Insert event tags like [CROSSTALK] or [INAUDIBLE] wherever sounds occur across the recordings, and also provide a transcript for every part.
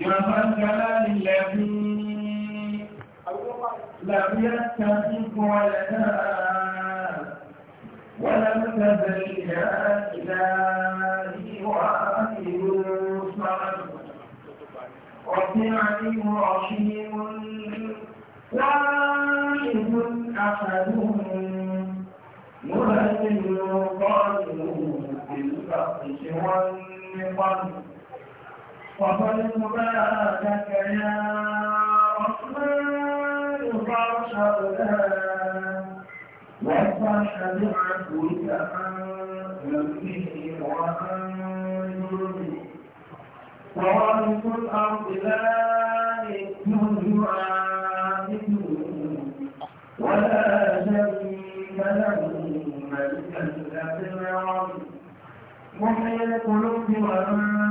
Yorùbá gbára nílẹ̀ bí lábíyá kan ní fún ọlẹ̀ náà wọ́n lábíyá bẹ̀rẹ̀ ìyá ìlà ìwà ìlú sọ́rọ̀. Ọ̀sìn àríwọ̀ ọ̀ṣìn واحد أحد مهزم قادم بالبطش والنقم فضل مبارك يا رحمن فارحمنا وافرح بعفوك عن ذنبه وعن ذنبه ووارث الارض لا يكون يعاهده ولا جريم له ملكا لا محيي القلوب وانت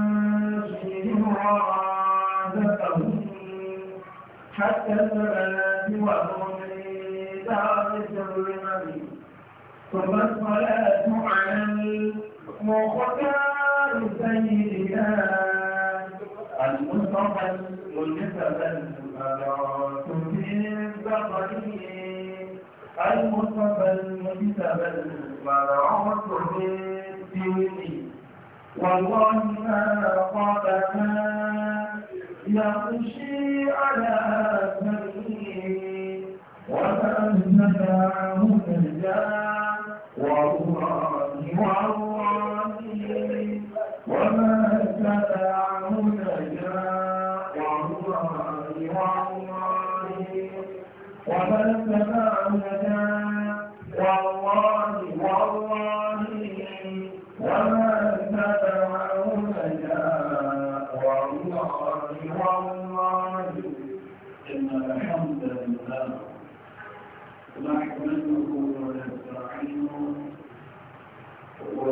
وعادتهم حتى البنات وهم دار الزمن ثم الصلاة على المختار سيدنا المصطفى المنتفى الأدراك في الزقريه المصطفى المجتبى المرعوة في الدين وظن قبها يغشي على أثره وتأمن معه نجاه وهو وعراني وما تبعه نجاه وهو وعراني وما تبعه نجاه والله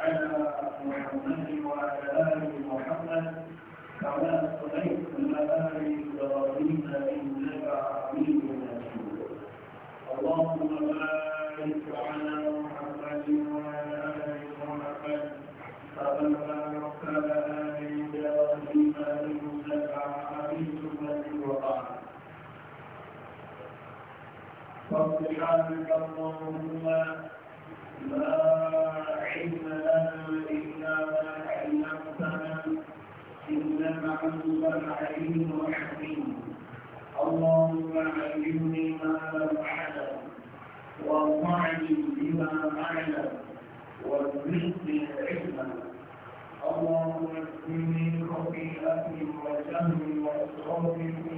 على محمد وعلى آل محمد كما صليت على آل إبراهيم إنك حميد مجيد اللهم بارك على محمد وعلى آل محمد كما باركت على آل إبراهيم إنك حميد مجيد وبعد فاصبحانك اللهم اللهم علمني ما لم اعلم بما اعلم وزدني علما اللهم اكفني خطيئتي وجهلي واسراري في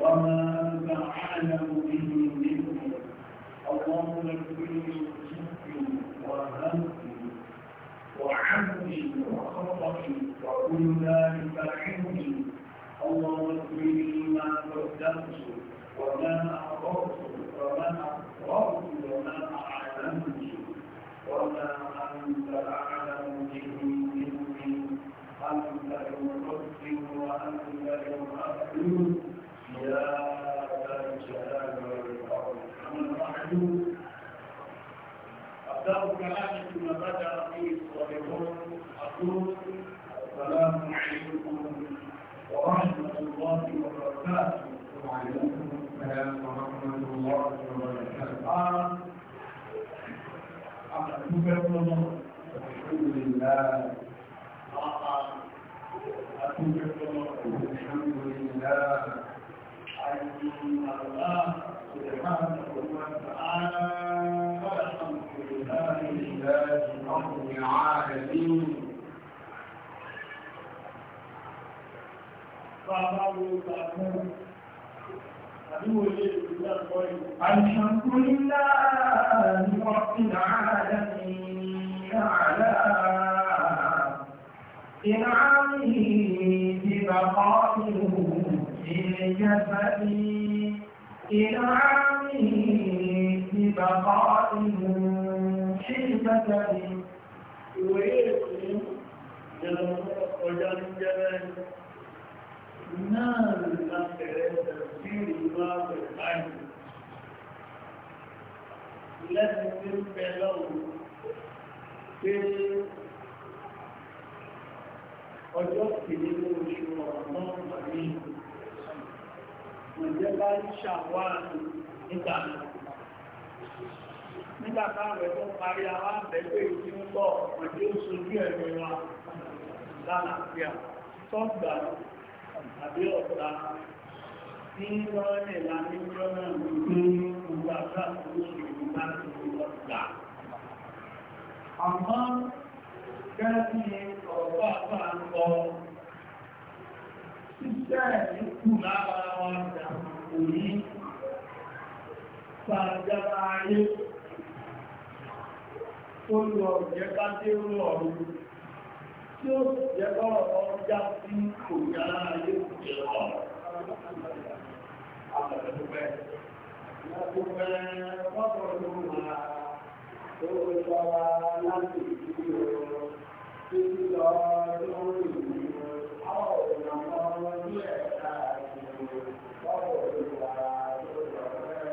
وما انت اعلم به مني اللهم اغفر لي جدي وهمي وعمي وكل ذلك عندي اللهم اغفر ما قدمت وما اعرضت وما اقررت وما اعلمت وما انت اعلم الحمد لله رب العالمين على إنعامه ببقائه في جسدي إنعامه ببقائه في جسدي ويسلم جل وجل جلاله náà la bẹ̀rẹ̀ sí ìwà pẹ̀lú àyè lẹ́nu tí ń bẹ lọ́wọ́ pé ọjọ́ kìí ní oṣù ọ̀nà àmì ìjẹba ṣàwárí nígbà nígbà táwọn ẹ̀kọ́ parí àwọn àbí ọ̀tá tí wọ́n lè la ní rọ́nà ní gbogbo àgbà tó ṣe ìgbà tó ṣe ọ̀gá. Àmọ́ gẹ́gẹ́ ọ̀pá àpá ń kọ ṣíṣẹ́ lọ rú tí ó jẹ́ bọ́rọ̀ ọjà tí kò yára ayé ìjẹ́ ọ̀rọ̀. Àpẹẹrẹ tó fẹ́ wọ́pọ̀ ló máa tó lọ wá láti ìdílé ọ̀rọ̀ tí lọ lórí ìlú àwọn ọ̀nà ọmọ ní ẹ̀ka ìlú wọ́pọ̀ ló wà lórí ọ̀rẹ́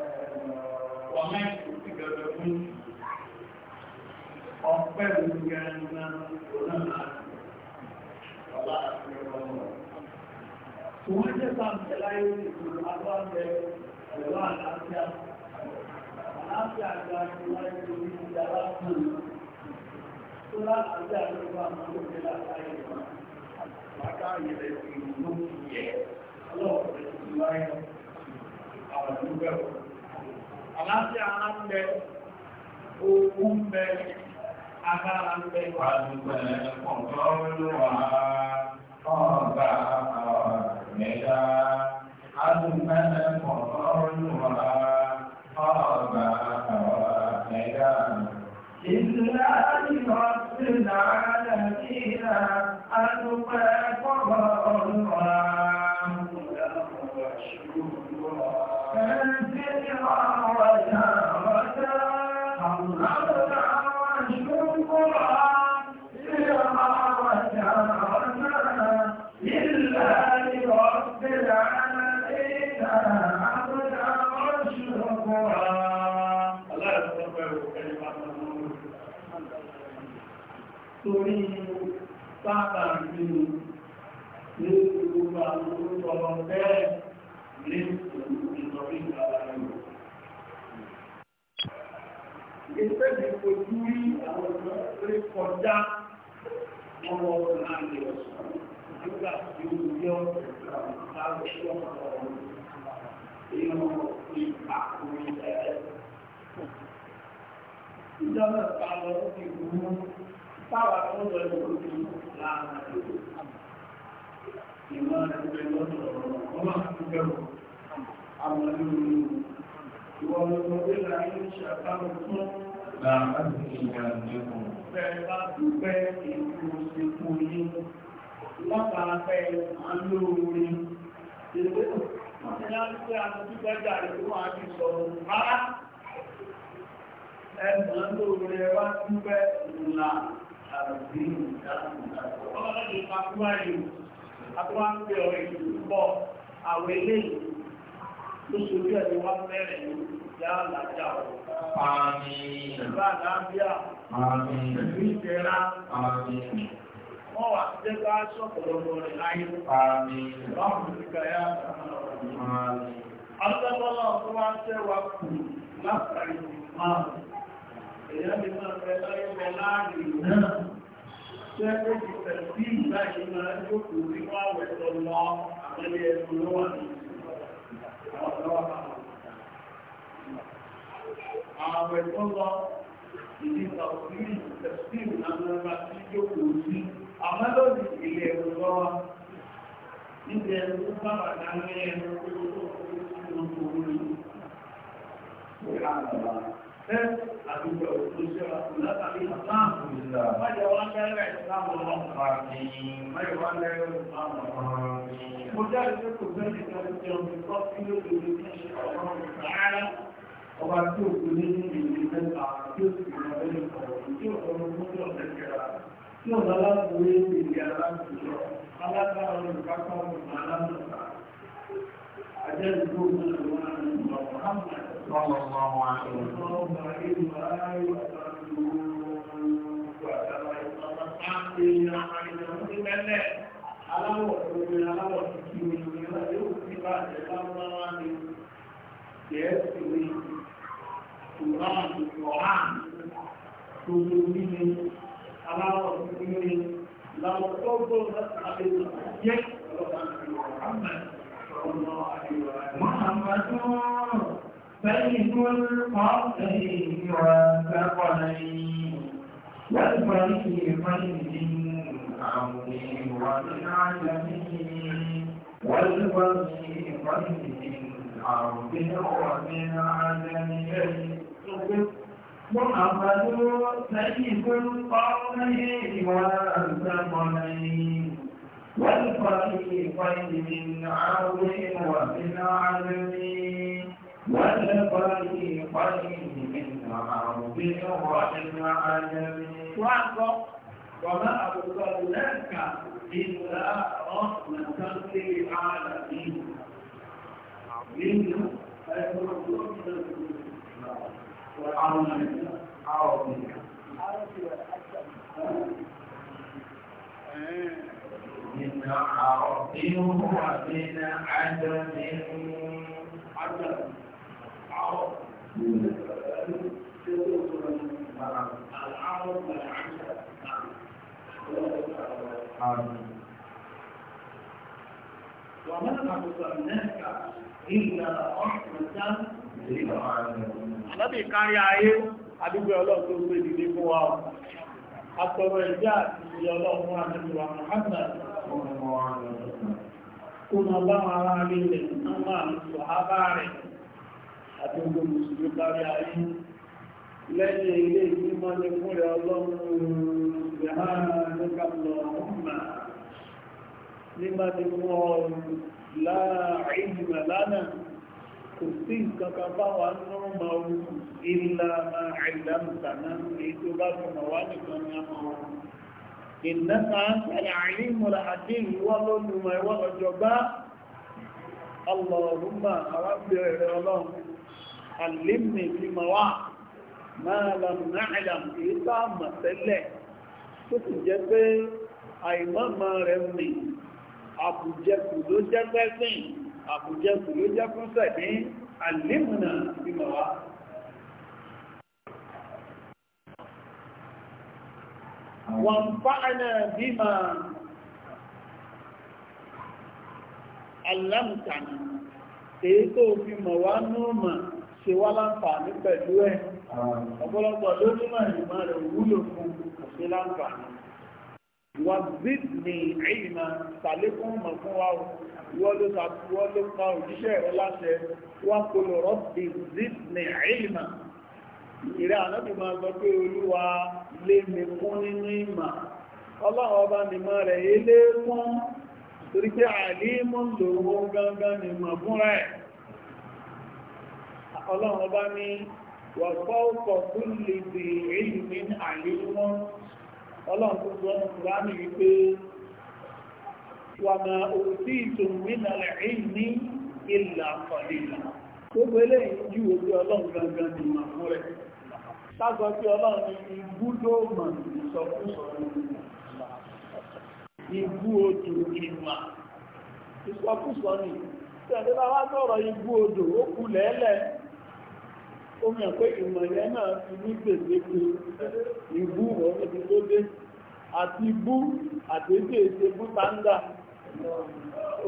ọ̀mẹ́ ìkùsí gẹ̀gẹ̀ fún ọpẹ́ Wọ́n jẹ́ sáàmì láyé ìlú agbáńbẹ̀ pẹ̀lú àlàáfíà. Àlàáfíà àgbà ti wáyé torí ìdára fún un. Tó láàáfíà ló wà máa ń gbé látàrí ìwà. Bàtà ìrẹ̀ ìlú ló fi yẹ ọlọ́ọ̀rẹ́ ti agbára ń bẹ. Àdùgbẹ̀ kọ̀ọ̀tọ́ olúwa ọ̀gá mẹ́ta. Àdùgbẹ̀ kọ̀ọ̀tọ́ olúwa sáàbà nínú ní gbogbo àwọn orúkọ bẹ́ẹ̀ ní ìtọ́jú ìjọba rẹ̀. Ìgbésẹ̀ ti kojú rí àwọn ọ̀dọ́ orí kọjá ọmọ ọ̀dọ́ náà lè ọ̀sán. Nígbà tí ó yọ ọ̀dọ́ táwa tó ń lọ ìwọ̀n tó láàrín àdúgbò. Ìmọ̀ ẹgbẹ́ lọ́dọ̀ ọ̀rọ̀ ọmọ àkúgbẹ̀rọ̀ àwọn olórí ìwọ ọmọ orí la ń ṣàtàrò fún láàrín àdúgbò ìgbà ìjọba. Bẹ́ẹ̀ bá dúpẹ́ ètò ìsìnkú yín látara pé alóore ìlú wọ́n ti yá sí àwọn tí gbẹ́gbẹ́ àríwá wọn ti sọ̀rọ̀ rárá. Ẹ̀sán lóore wá dúpẹ́ ìlànà. Àwọn ilé lóṣòrí ẹ̀dẹ̀ wá mẹ́rẹ̀ yá làjá ọ̀. Àmì ìrìnlá àdábíà, àmì ìrìnlá, àmì wọ́n wà jẹ́ bá ṣọ́pọ̀lọpọ̀ rẹ̀ láyé. Àmì ìrìnlá èèyàn lè máa fẹ́ láyé fẹ́ láàrin náà ṣé ó ti tẹ̀sí ìgbà yìí máa ń jókòó nípa àwẹ̀ tó lọ àmọ́lẹ̀ ẹ̀sùn ló wà ní àwẹ̀ tó lọ ìdí tàbí tẹ̀sí ìlànà tí jókòó sí àmọ́ lórí ilẹ̀ ẹ̀rọ lọ́wọ́ níbi ẹ̀rọ tó sábà dání ẹ̀rọ tó tó tó tó tó tó tó tó àdúgbò òṣèlú látàrí àtàkùn ìlà máyọ̀ wá lẹ́rẹ̀ láwọn ọlọ́pàá ní máyọ̀ wá lẹ́rẹ̀ láwọn ọlọ́pàá ní mo jẹ́ ìṣẹ́kù bẹ́ẹ̀ ní ọjọ́ ìjọ tí ó lè ní ṣe ọ̀rọ̀ ìrànlá ọba tí ó kú ní ìlú mẹ́ta tí ó sì rọ̀ lẹ́yìn ọ̀rọ̀ tí ó rọ̀ lójú ọ̀sẹ̀ kẹra tí ó lọ́lá أجل كل محمد صلى الله عليه وسلم وآله وسلم aláwọ̀ ìròyìn aláwọ̀ títí ìròyìn náà yóò fi bá àjẹ́ lábúráwá ní gẹ̀ẹ́sì ní ìrọ̀hàn ìrọ̀hàn tó ló ní ní aláwọ̀ títí ní láwọ̀ tó gbọ́ láti àbẹ̀wò yẹ́ ọlọ́pàá ìrọ̀hàn mẹ́rin محمد سيد القرنين والثقلين والفريقين عمي ومن عجمين والفريقين عرض ومن عجمين محمد سيد القرنين والثقلين والفريقين من عون ومن عزم والفريقين من عون ومن عزم واعظم وما أرسلناك إلا رحمة للعالمين منه المرسول والعالمين عربية أه. عربية أكثر من عرض ومن عدم عدم عرض العرض والعدم وما أرسلناك إلا رحمة للعالمين. الذي كان يعيه àdúgbò ọlọ́run tó gbé ìdílé fún wa. Àtọ̀rọ̀ ìjá àti ìyẹ ọlọ́run àti ìwà Mùhàmmad kó máa bá wọn ará rí rẹ̀ náà máa ń sọ ábá rẹ̀ àti ogun mùsùlùmí kárí ayé lẹ́yìn ilé ìgbìmọ̀ ní fúnrẹ̀ ọlọ́run ìhànà ní kàpùlọ̀ ọmọ nígbà tí wọ́n láàrín lánà kò ìnáta àárín mọ̀láàdé ìwọ́ lónìí ìwọ́ ọjọ́gbá Allahumma arábìnrin rẹ̀ ọlọ́run alìmì fi ma wá máa lọ́nàìlàm èyí tá a mọ̀ tẹ́lẹ̀ tó sì jẹ́ pé àìmọ́mọ́ rẹ̀ mì àbùjẹkù ló jẹ́ pẹ́sìn àbùjẹkù ló jẹ́ fún sẹ̀mí alìmùnà fi ma wá وانفعنا بما علمتنا èyí tó fi mọ̀ wá núùmọ̀ ṣe wá láǹfààní pẹ̀lú ẹ̀ ọ̀pọ̀lọpọ̀ ló nímọ̀ ìmọ̀ rẹ̀ wúlò fún ṣe láǹfààní wà zid ní ìrìnà tàlékún mọ̀ ìrẹ́ ànábì máa sọ pé olúwa lé mi kún nínú ìmà ọba nìmọ̀ rẹ̀ ilé fún torí pé àlímọ̀ lòwó gangan nìmọ̀ fúnra ẹ̀ ọlọ́run ọba ní wọ̀pọ̀ ọkọ̀ tó lè dè èyí ní tó gbogbo ojú ọlọ́run gangan ma kágọ́ pé ọlọ́run ni ibúdó mọ̀ ìsọkúsọ ibú odò ni odò ó kú lẹ́lẹ̀ ó mìíràn náà ti ní gbèdéke ti tó dé àti ibú àtẹ́sí èsè bú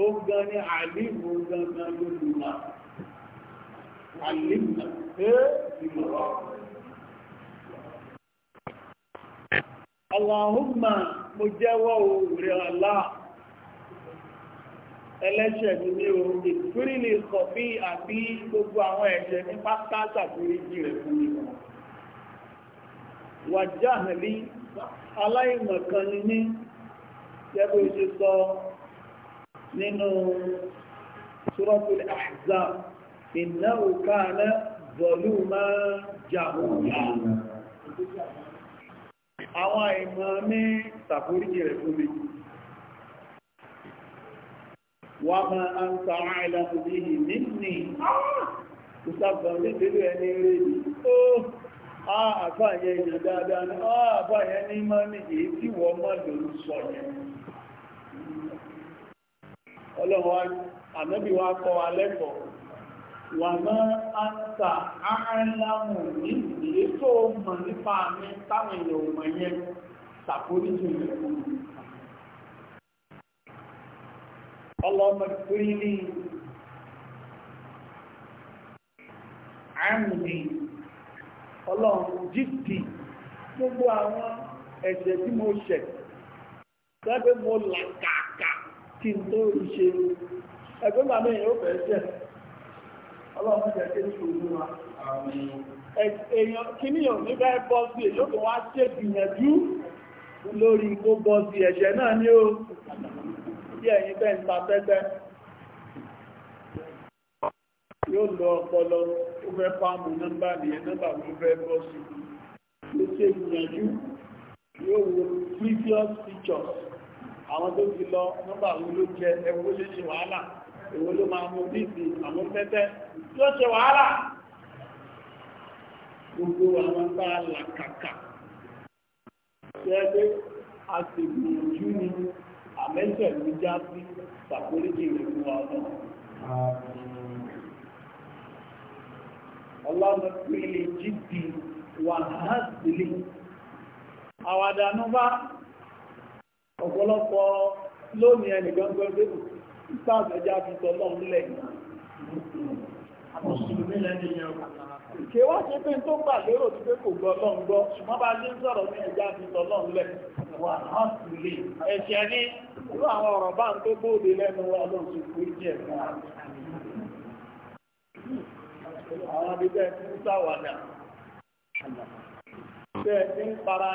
ó gan ni àlìmù gangan àlìmù ẹ́ Allahumma mo jẹ́wọ́ òwúrẹ̀ Allah ẹlẹ́ṣẹ̀ mi ní oòrùn ìtúrílì kọ̀bí àbí gbogbo àwọn ẹ̀ṣẹ̀ ní pátá ṣàforíjì rẹ̀ fún mi. Wàjá àmì aláìmọ̀kan ni ní gẹ́gẹ́ bí sọ nínú Suratul Ahzab, innahu kana àwọn àìmọ̀ ní ṣàforíjì rẹ̀ fún mi wà máa ń ta àwọn ìlànà bí i nìtìní ìsàbọ̀n ní ìdílé ẹni rẹ̀ ó àfáàyẹ ìyàn ní àfáàyẹ wà máa àtà àárínláwò ní ìdílé tó mọ̀ nípa mi táwọn èèyàn ò mọ̀ yẹn ṣàforíjì rẹ̀ fún mi. ọlọ́mọ ìpínlẹ̀ àmì ọlọ́run jíìtì gbogbo àwọn ẹ̀ṣẹ̀ tí mo ṣẹ̀ lẹ́gbẹ̀ẹ́ mo là kí n tó rí ẹgbẹ́ màmí èèyàn fẹ́ ṣẹ̀ ọlọ́run jẹ́ kí ní olúwa èèyàn kìíyàn ní bẹ́ẹ̀ bọ́ sí èyí tó wá ṣe gbìyànjú lórí kó bọ́ sí ẹ̀ṣẹ̀ náà ní ó sí ẹ̀yìn bẹ́ẹ̀ ń ta tẹ́tẹ́ yóò lọ ọpọlọ ó fẹ́ fáàmù nọ́mbà nìyẹn nọ́mbà ló fẹ́ bọ́ sí ló ṣe gbìyànjú yóò wo previous pictures àwọn tó ti lọ nọ́mbà wo ló jẹ ẹwọ́ ṣe ṣe wàhálà èwo ló máa mú bíìsì àwọn tẹ́tẹ́ yóò ṣe wàhálà gbogbo àwọn bá a là a ṣẹ́gbẹ́ aṣègbìyànjú ni àmẹ́sẹ̀ ló já sí ṣàkóríkì rẹ̀ fún wa náà. Ọlọ́run pèlè jíde wà láàzìlì. Àwàdà nú bá ọ̀pọ̀lọpọ̀ lónìí ẹnìkan gbọ́dọ̀ ìtàzẹ̀já fi tọ́lọ́run lẹ̀ kèwà ṣe pé tó gbà lérò tí pé kò gbọ́ lọ́n gbọ́ ṣùgbọ́n bá ṣe sọ̀rọ̀ ní ẹja fi tọ́lọ́n lẹ̀ ẹ̀ṣẹ̀ ní irú àwọn ọ̀rọ̀ bá ń tó bóòdé lẹ́nu ọlọ́sùn kò jẹ́ fún àwọn abẹ́jẹ́ fún ń para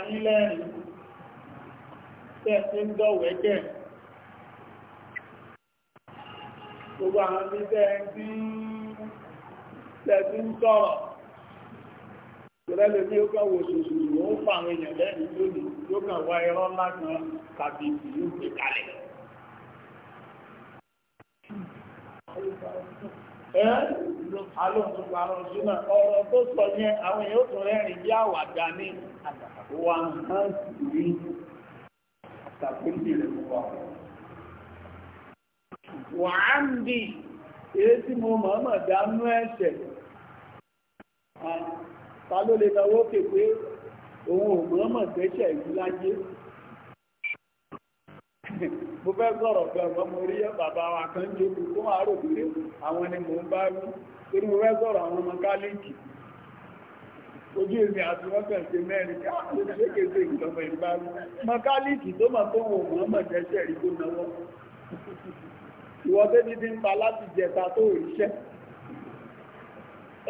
gbogbo àwọn bí tẹ́ẹ̀bí tẹ́ẹ̀bí ń tọ́rọ̀ ìrẹ́lẹ̀ bí ó kọ́ wo ṣoṣù ó ń fa àwọn èèyàn lẹ́yìn lónìí tó kàn wá ẹ̀rọ ńlá kan tàbí ìlú gbé kalẹ̀ ẹ́ alóhùn parọ́ súnà ọ̀rọ̀ tó sọ yẹn àwọn èèyàn ó tún rẹ́rìn bí àwàdà ní wà hàn sí àtàkùn ìrẹ̀lẹ̀ wà. wà á ń bì èyí dánú ẹ̀ṣẹ̀ ta ló lè lọ pé òun ò ìlú láyé [LAUGHS] mo fẹ́ sọ̀rọ̀ gbọ̀ngàn mo rí bàbá wa kan jókòó fún àròkúlé àwọn ni mò ń bá rú torí mo fẹ́ sọ̀rọ̀ àwọn ojú àti ṣe tó mọ̀ tó rí [LAUGHS] ìwọ débi ti ń pa láti jẹta tó ríṣẹ́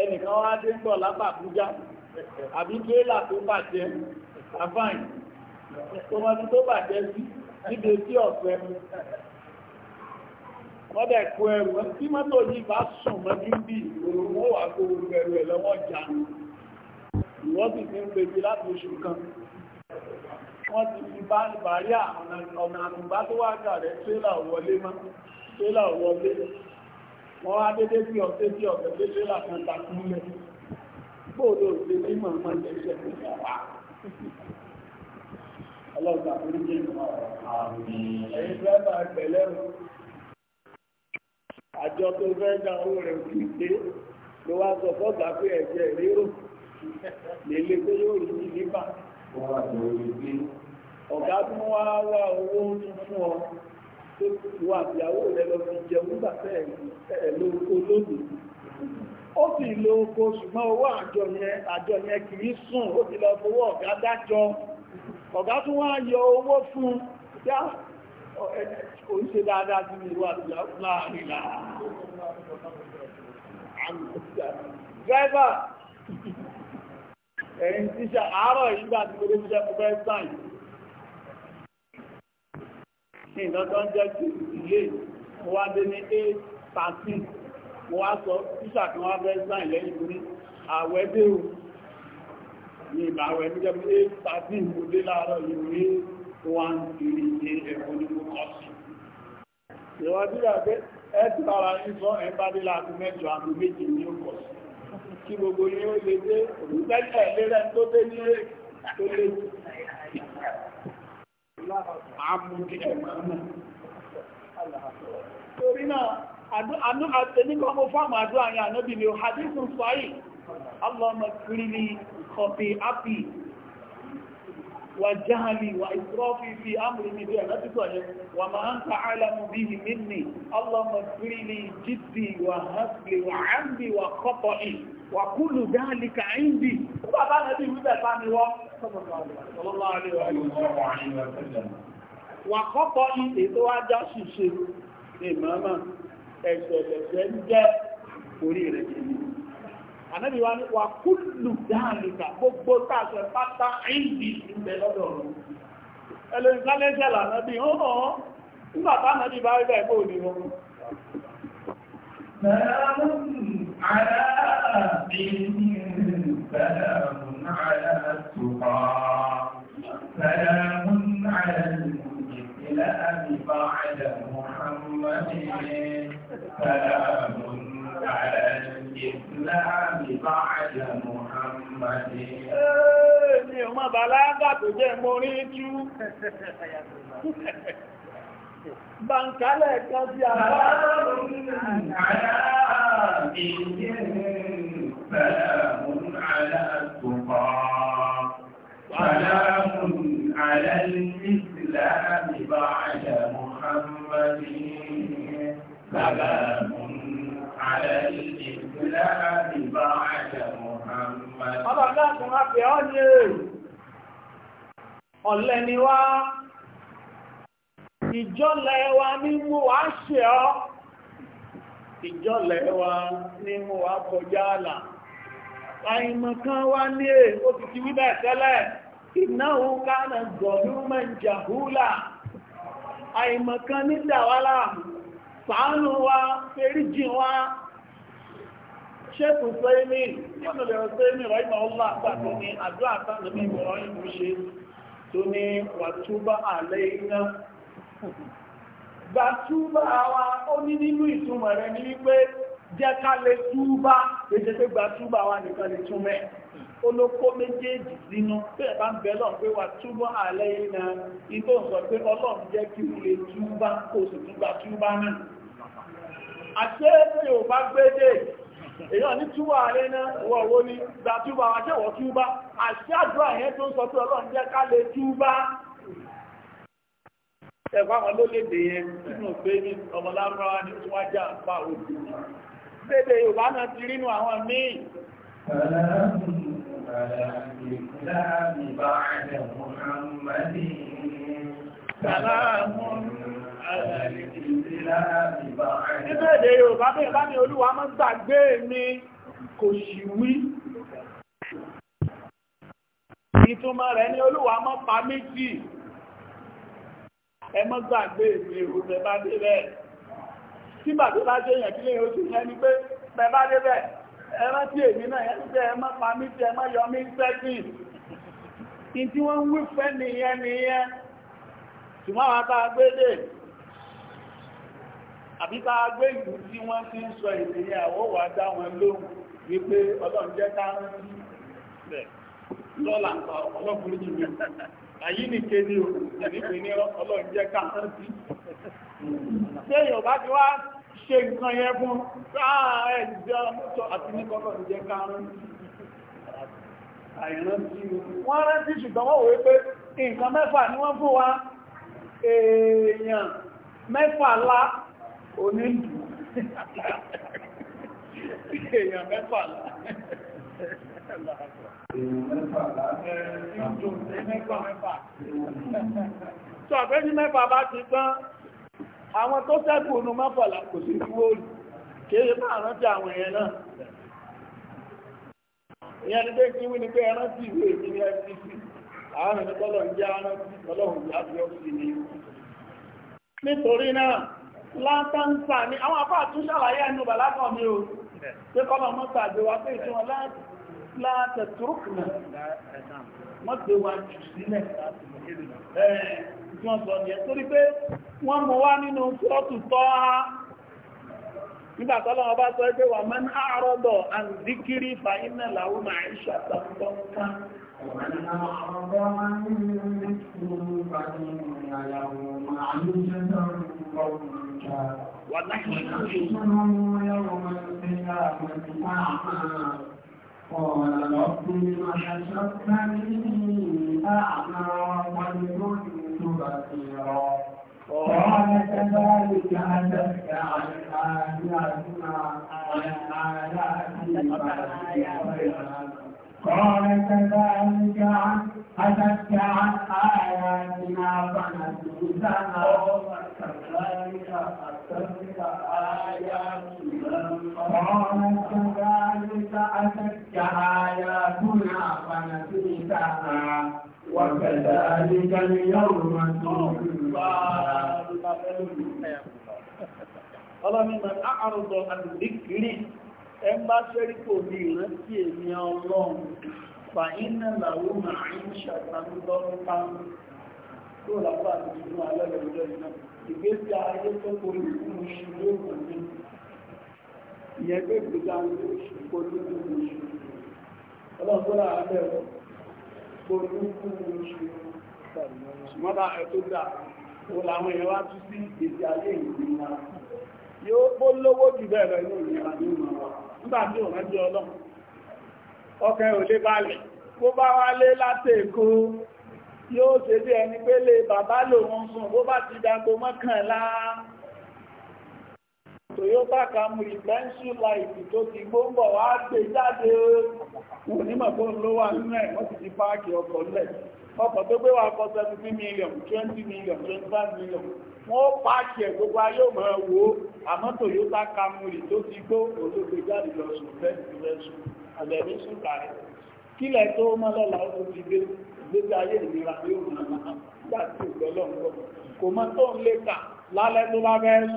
ẹnìkan wá dé ń bọ̀ lápá Àbújá àbí tírélà tó bàjẹ́ àfáàyàn tọmọdún tó bàjẹ́ sí níbi etí ọ̀fẹ́ wọ́n dẹ̀ kó ẹrù tí mọ́tò yìí bá sùn mọ́jú bí òun ó wà kó gbogbo ẹrù ẹ̀ lọ́wọ́ jà ìwọ́n sì ti ń pèjì láti oṣù kan wọ́n ti fi bá bàárì ọ̀nà àtùgbá tó wá gà rẹ̀ tírélà wọlé mọ́ tẹ́lá wọlé wọ́n wá dédé bí ọ̀tẹ́ bí ọ̀tẹ́ bí tẹ́lá kan takúnlẹ̀ bóòdó òṣè ní mọ̀mọ́ ìṣẹ́ fún ìyàwó ọlọ́gbà fún ìjẹ́ ẹ̀yìn dẹ́bà ẹgbẹ̀lẹ́rù àjọ tó fẹ́ gba owó rẹ̀ kìí dé ló wá sọ fọ́gbà pé ẹ̀jẹ̀ rírò lèlé pé yóò rí ní nípa ọ̀gá tó wá wá owó tuntun ọ tó wọ àbíyàwó rẹ̀ lọ fi jẹun nígbà tẹ́ ẹ̀ ló oko lónìí ó sì lo oko ṣùgbọ́n owó àjọ yẹn àjọ yẹn kì í sùn ó ti lọ fowó ọ̀gá dájọ́ ọ̀gá tún wá yọ owó fún yá kò ń ṣe dáadáa sí ìlú àbíyàwó láàrin láàrin driver ẹ̀yìn tíṣà àárọ̀ ìgbà tí mo lè fi jẹ́ mo fẹ́ sáyìn nǹkan tó ń jẹ́ kí ilé mo wá dé ní eight thirteen mo wá sọ tíṣà kan wá fẹ́ sáìn lẹ́yìn tó ní àwẹ̀ dé o ní ìgbà àwẹ̀ ní jẹ́ eight thirteen mo dé láàárọ̀ yìí ní one three ní ẹ̀kọ́ ní mo kọ́ sí. ìwọ́n dídà pé ẹ ti bára yín sọ ẹ bá dé láago mẹ́jọ àgbo méjì ní ó gbogbo yín lè dé òun tẹ́lẹ̀ lérẹ́ tó dé ní tó lè jù torí náà àtẹ́nìkan mo fáàmù àdúrà yà náàbì ni ó hadithun sọ́yí allahumma kìrìlì kọ̀pì ápì wà jáhàlì wà ìsọ́fì fi ámùrì ní bíẹ̀ láti sọ yẹ wà máa ń ta alamu bí i minni allahumma kìrìlì jìdì wà hasbi wà ámbi wà kọ́pọ̀ ì wà kúlù dáàlìkà ìndì bàbá nàbí wíbẹ̀ bá mi wọ́ wà kọ́kọ́ ìdè tó wá já ṣìṣe ní mọ́mọ́ ẹ̀ṣẹ̀lẹ̀ṣẹ̀ ń jẹ́ orí rẹ̀ jẹ́ni ní wà kúlù dáàlìkà gbogbo tàṣẹ pátá ìndì ìbẹ̀ rẹ̀ ẹlòmí على إن سلام على التقى سلام على الإسلام بعد محمد سلام على الإسلام بعد محمد Mi ò mọ̀ bàlágà tó jẹ́ mo rí jú. Bàǹkálẹ̀ kan sí àbá. على الإسلام بعد محمد سلام على الإسلام بعد محمد. Ọba ká tún á pè ọ́ ní ọ̀lẹ́ni wá ìjọ́lẹ̀ wa ní mú wá ṣe ọ́ ìjọ́lẹ̀ wa ní mú wá kọjá àlà àìmọ̀ kan wá ní èè ó ti ti wíbẹ̀ tẹ́lẹ̀ ìnáwó kánà gọ̀lúmọ̀ jàhúlà àìmọ̀ kan ní dàwálà fàánù wa fèríjì wa ṣẹ́kù sẹ́yìnì nípìnlẹ̀ sẹ́yìnì rọ́ìmọ̀ ọlá àgbàtọ̀ àdúrà gbàtúbà wa ó ní nínú ìtumọ̀ rẹ̀ ní wípé jẹ́ ká lè túbá èdè pé gbàtúbà wa nìkan lè túnmẹ́ olóko méjèèjì sínú pé ẹ̀bá ń bẹ lọ́n pé wà túbọ̀ àlẹ́ iná ìtò ń sọ pé ọlọ́run jẹ́ kí n lè túbá kò sì tún gbàtúbà náà àti èmi ò bá gbédè èyàn ní túbọ̀ àlẹ́ iná wọ̀ wo ni gbàtúbà wa jẹ́wọ̀ túbá àti àdúrà yẹn tó ń sọ pé ọlọ́run jẹ́ ká lè túbá ẹ̀fọ́ àwọn lólédè yẹn nínú bèbí ọmọ lábúráwá ní tí wọ́n já àpá òjò lédè Yorùbá náà ti rínú àwọn míì Ìtumọ̀ rẹ̀ ni Olúwa mọ́ pa méjì ẹ mọ́ gbàgbé ìwé òfẹ́ bá dé bẹ́ẹ̀ tí bàtí bá ṣe yẹn kílé oṣù yẹn ni pé bẹ bá dé bẹ́ẹ̀ ẹ má tí èmi náà yẹn tẹ́ ẹ má pa mí tí ẹ má yọ mí sẹ́sìn in tí wọ́n ń wí fẹ́ nìyẹn nìyẹn ṣùgbọ́n àwọn tá a gbé dé àbí tá a àyí ní kéde o ìdíkù ní ọlọ́run jẹ́ káàkiri ṣé yorùbá ti wá ṣe nǹkan yẹn fún sáà ẹ̀jẹ̀ mọ́tò àti ní kọ́kọ́ jẹ́ káàkiri àìrántí wọ́n rántí ṣùgbọ́n wọ́n wòye pé nǹkan mẹ́fà ni wọ́n fún wa èèyàn mẹ́fà lá òní èèyàn mẹ́fà lá Sọ pé ní mẹ́fà bá ti tán, àwọn tó ṣẹ́kù ọ̀nà mọ́fàlá kò sí ìwó òlù, kéèrè máa rántí àwọn èèyàn náà. Ìyẹn ni pé kí wí ni pé ẹran sí ìwé èmi ní FCC, àwọn ẹni tọ́lọ̀ ń jẹ́ arántí ọlọ́run ìyá bí ó sì ní. Nítorí náà, látàǹsà ni àwọn afáà tún ẹnu bàlákọ̀ mi o, pé kọ́lọ̀ mọ́ta àjẹwà pé ìtún ọlá láti tùrùkùnà wọ́n gbé wa jù sílẹ̀ ìjọ sọ ní ẹ̀ torí pé wọ́n mọ̀ wá nínú fọ́tù tọ́ ha nígbà tọ́lọ́wọ́ bá sọ pé wà mẹ́n àárọ́dọ̀ àǹdíkírí fàínà làwọn máa ń ṣàtàkùn kan wà náà قال رب لم حشرتني أعمى وقد كنت بصيرا قال كذلك أتتك عن آياتنا عن آياتنا قال كذلك أتتك عن آياتنا فنسيتها وكذلك أتتك آياتنا قال آياتنا فنسيتها وكذلك اليوم تنسى Ọlọ́run ìmọ̀ àárùn-ún àdìríkìrí ẹ bá ṣẹ́rí kò ní ìrántí èmi ọlọ́run fà iná làwó màá ń ṣàtàlúgbọ́npá tó làpá tó kò ìyẹn pé gbèdá kò ní kú oṣù ọlọ́gbọ́lá abẹ́ kò ní kú oṣù ṣùgbọ́n ẹ̀ tó dà ó làwọn èèyàn wá tú sí ìgbésí ayé ìgbìmọ̀ yóò bó lówó jù bẹ́ẹ̀ lọ inú ìyẹn àti ìmọ̀ wa nígbà tí òun jẹ́ ọlọ́run ṣe bí ẹni pé lè bàbá lòun sùn bó bá ti dàgbò mọ́kànlá Toyota Camry pencil light tó ti gbóǹbọ̀ wá gbé jáde wọ́n nímọ̀ tó ń ló wà nínú ẹ̀ wọ́n ti ti páàkì ọkọ̀ lẹ̀ ọkọ̀ tó gbé wà kọ́ 17 million 20 million 25 million wọ́n páàkì ẹ̀ gbogbo ayé ò máa wò ó àmọ́ Toyota Camry tó ti gbó olóògbé jáde lọ sùn fẹ́ẹ̀sì fẹ́ẹ̀sì àbẹ̀mí sùn kàrẹ́ kílẹ̀ tó mọ́ lọ́la ó ti gbé ìgbésí ayé ìnira yóò máa gbà tí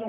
ò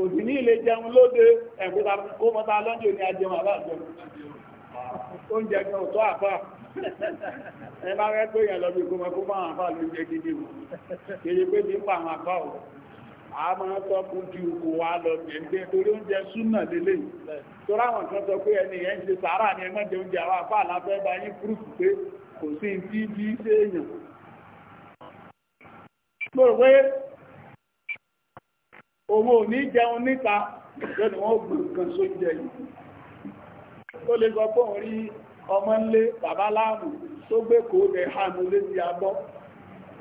kò sí ní ilé jẹun lóde ẹ̀kúta kó mọ́ta lọ́njẹ́ ní ajẹun aláàjọ oúnjẹ kan ò tó àfà ẹ bá rẹ́ pé yẹn lọ bí gbọmọ kó máa àfà ló jẹ gidi o kiri pé ní pa àwọn àfà o a máa sọ fún ju kò wá lọ gbẹ̀ngbẹ̀ torí oúnjẹ súnà lélẹ̀ torí àwọn kan sọ pé ẹni yẹn ń ṣe sàárà ni ẹ má jẹ oúnjẹ àwọn àfà àlàfẹ́ bá yín kúrúkù pé kò sí ti bí séèyàn. mo rò pé òun ò ní jẹun níta lẹ́nu wọ́n gbò nǹkan sóúnjẹ yìí ó lè sọ pé òun rí ọmọ ńlé bàbá láàmù tó gbé kó bẹ hànú létí abọ́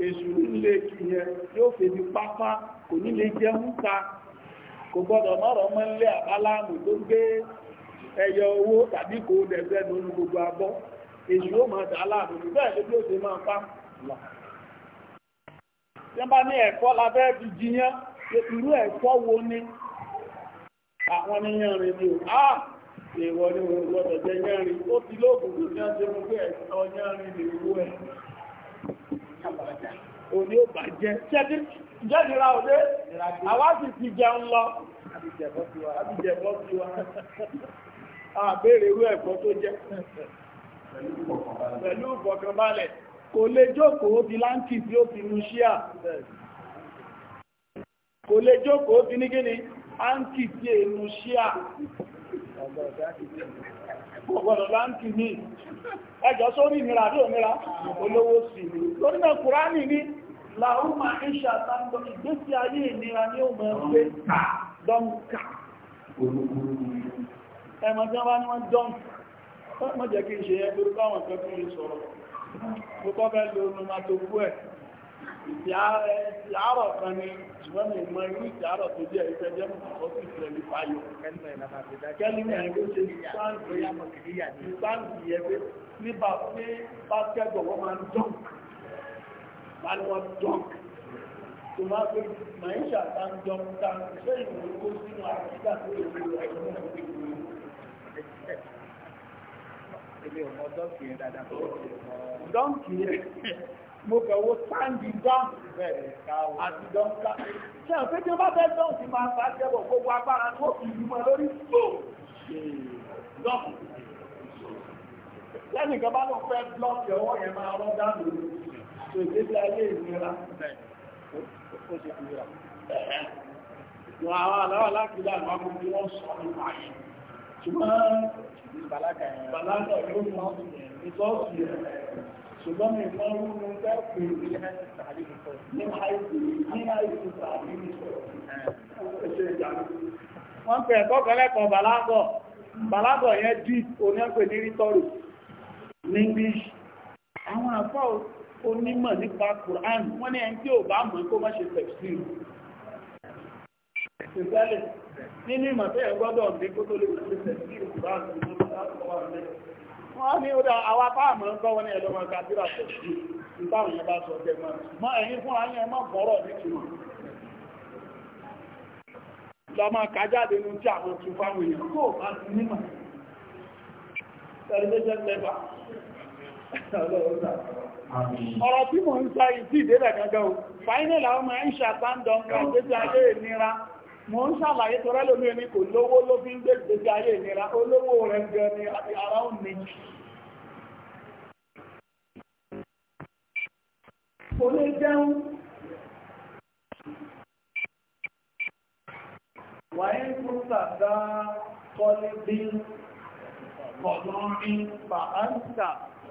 èṣù nílé kìyẹn yóò fèdí pápá kò ní lè jẹun ta kò gbọ́dọ̀ mọ́rọ̀ ọmọ ńlé bàbá láàmù tó gbé ẹyọ owó tàbí kó ní ẹ̀kọ́ la irú ẹ̀fọ́ wo ni àwọn yẹ́rin ni ó èèwọ̀ ni wọ́n gbọ́dọ̀ jẹ yẹ́rin ó ti lóògùn tó ní ọjọ́ mú pé ẹ̀sọ́ yẹ́rin ni owó ẹ̀ òní ó bà jẹ́ jẹ́dìra òdé àwa sì ti jẹun lọ àbíjẹ̀bọ́ sí wa àbèrè irú ẹ̀fọ́ tó jẹ́ pẹ̀lú ìfọ̀kànbalẹ̀ kò lè jókòó di láńkì tí ó fi mú ṣíà kò lè jókòó ti ní gíní áńkì tí ènù ṣíà ọgbọ̀dọ̀ láńkì ní ẹjọ́ sórí ìnira àbí òmìnira olówó sí ní lórí náà kùránì ní láhùnmà ìṣà tàbí ìgbésí ayé ìnira ní òmò ẹgbẹ́ dọ́nkà ẹmọ tí wọ́n bá ní wọ́n dọ́nkà mọ́jẹ̀ kí ń ṣe ẹgbẹ́ ìtìárọ̀ kan ní ṣùgbọ́n mi mọ irú ìtìárọ̀ tó jẹ́ ìfẹ́ jẹ́ mọ̀ sí ìfẹ́ ní fayọ̀. kẹ́lìmọ̀ ẹ̀ ló ṣe sáǹdì yẹn pé nígbà pé báskẹ́gbọ̀ wọ́n máa ń dọ́nk máa ń wọ́n dọ́nk tó máa pé màíṣà mo fẹ́ wo sáǹdì dọ́ǹkì bẹ̀rẹ̀ àti dọ́ǹkà ṣé ẹ̀ pé tí ó bá fẹ́ dọ́ǹkì máa fà á jẹ́bọ̀ gbogbo agbára tó fi ìgbìmọ̀ lórí tó dọ́ǹkì lẹ́nìkan bá lọ fẹ́ blọ́ọ̀kì ọwọ́ yẹn máa rọ́ dánù tó ìgbésí ayé ìnira ó ṣe ìnira wọn àwọn aláwọ̀ láti dá àwọn akókò wọn sọ nípa yẹn ṣùgbọ́n bàlágà yóò mọ ìtọ́sí ṣùgbọ́n mi máa ń mú bẹ́ẹ̀ pé ní àìsí tàbí wọ́n pè ẹ̀kọ́ kọ́lẹ́kọ̀ọ́ bàlágọ̀ bàlágọ̀ yẹn deep oníẹ̀pẹ̀ ní rítọ́rì ní English àwọn àfọ́ onímọ̀ nípa Quran wọ́n ní ẹni tí ò bá mọ̀ kó má ṣe tẹ̀sí nínú ìmọ̀ tẹ́yẹ̀ gbọ́dọ̀ ní kó tó lè ṣe tẹ̀sí Quran wọ́n ní ó dá àwa fáàmù ń kọ́ wọn ní ẹ̀lọ́mọ kàbírà tó jù ìtàwọn yẹn bá sọ ọjọ́ mọ́ mọ́ ẹ̀yìn fún ayé mọ́ bọ́rọ̀ nítumọ̀ lọ́mọ kájáde ní tí àwọn tún fáwọn èèyàn kó bá ti nímọ̀ ọ̀rọ̀ tí mò ń sá ìtì ìdélẹ̀ gangan o fáínẹ̀lá ọmọ ẹ̀ ń ṣàtàndọ̀ nǹkan mo ń ṣàlàyé torẹ́ lómi ẹni kò lówó ló fi ń gbèsè ayé ìnira olówó rẹ̀ gan ni àti ara ń ní. kò lè jẹun wàyé fún tàdá kọ́lé bí kọ̀lọ́rin bàbá ń tà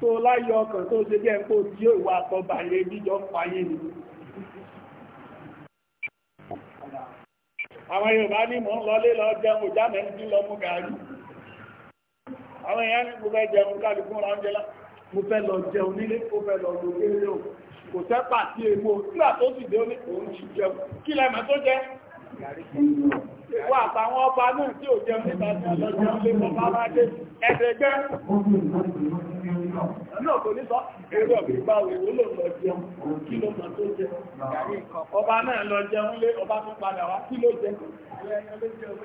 tó láyọ ọkàn tó ṣe bí ẹ̀kọ́ tí yóò wà tọ́bà yẹ jíjọ fàyè ni. Àwọn Yorùbá ní mò ń lọlé lọ jẹun òjá mẹ́rin sí lọ mú gàárì. Àwọn èèyàn ní mo fẹ́ jẹun kálukú ra oúnjẹ lá. Mo fẹ́ lọ jẹun nílé, mo fẹ́ lọ lò kéré o. Kò tẹ́ pàtí epo, nígbà tó sì dé ó ní òun ti jẹun. Kí lẹ́mọ̀ tó jẹ́? Ìwọ àtàwọn ọba náà tí ò jẹun níta tí wọ́n jẹun lé bàbá bá dé. Ẹ̀sẹ̀ kò ọba náà lọ jẹun lé ọba tó padà wá kí ló jẹ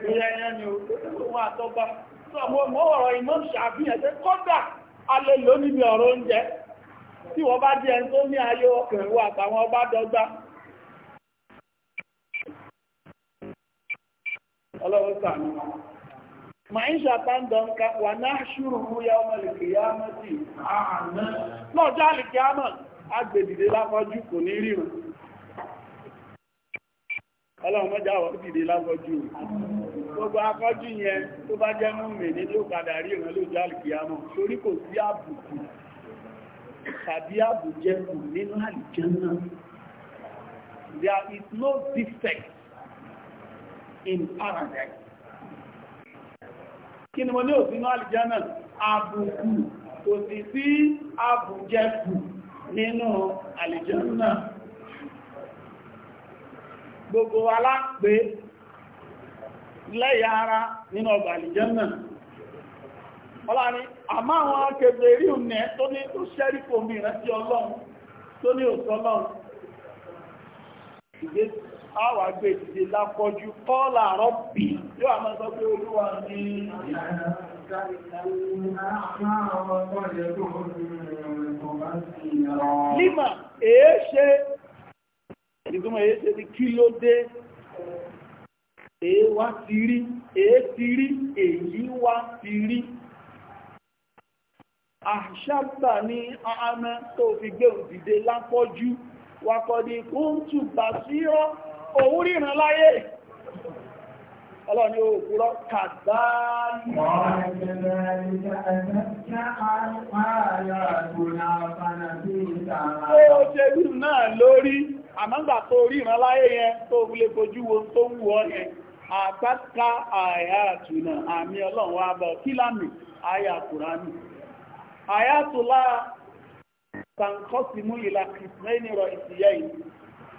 ìyá ẹyẹ ni òun àtọgbà mo ọ̀rọ̀ iná ṣàfihàn pé kódà alẹ́ ọ̀rọ̀ oúnjẹ tí wọ́n bá ẹni tó ní ayé maisha tandonka wà náà ṣúrùrù ya ọmọ ìkìyàmọ́ sí ààrẹ lọ́jọ́ alìkìyàmọ́ agbèdìdè láfọ́jú kò ní ríran ọlọ́run mọ́já wọ́n gbogbo afọ́jú yẹn tó bá jẹ́ mú mè ní ló padà there is no defect in paradise kí ni mo ní òsínú àlìjánà àbùkù kò sí sí àbùjẹ́kù nínú àlìjánà gbogbo alápẹ́ lẹ́yà ara nínú ọgbà àlìjánà ọlá ni àmá àwọn akẹgbẹ̀ rí ònẹ́ tó ní tó ṣẹ́rí fòmí ìrántí ọlọ́run tó ní òsọ́lọ́run ìgbé àwàgbé ìdílé lápọ̀jú kọ́ làárọ̀ bìí yóò àmọ́ sọ pé olúwa ní Límà èéṣe, ìgbìmọ̀ èéṣe ti kí ló dé, èé wá ti rí, èé ti rí, èyí wá ti rí. Àṣàbà ní àmẹ́ tó fi gbé òdìdé lápọ́jú, wakọ̀ ọlọ́ni ó kúrọ́ kàdáàlì. Ó ṣe rú náà lórí, àmọ́gbà tó rí ìrànláyé yẹn tó wulé kojú wo tó wù ọ yẹn. Àtàkà àyà àtùnà àmì ọlọ́run wá bọ̀ kí lámì àyà Kùránì. Àyà tó láà tàǹkọ́sìmú ìlà kìsìmẹ́ ìnirọ̀ ìsìyẹ́ yìí.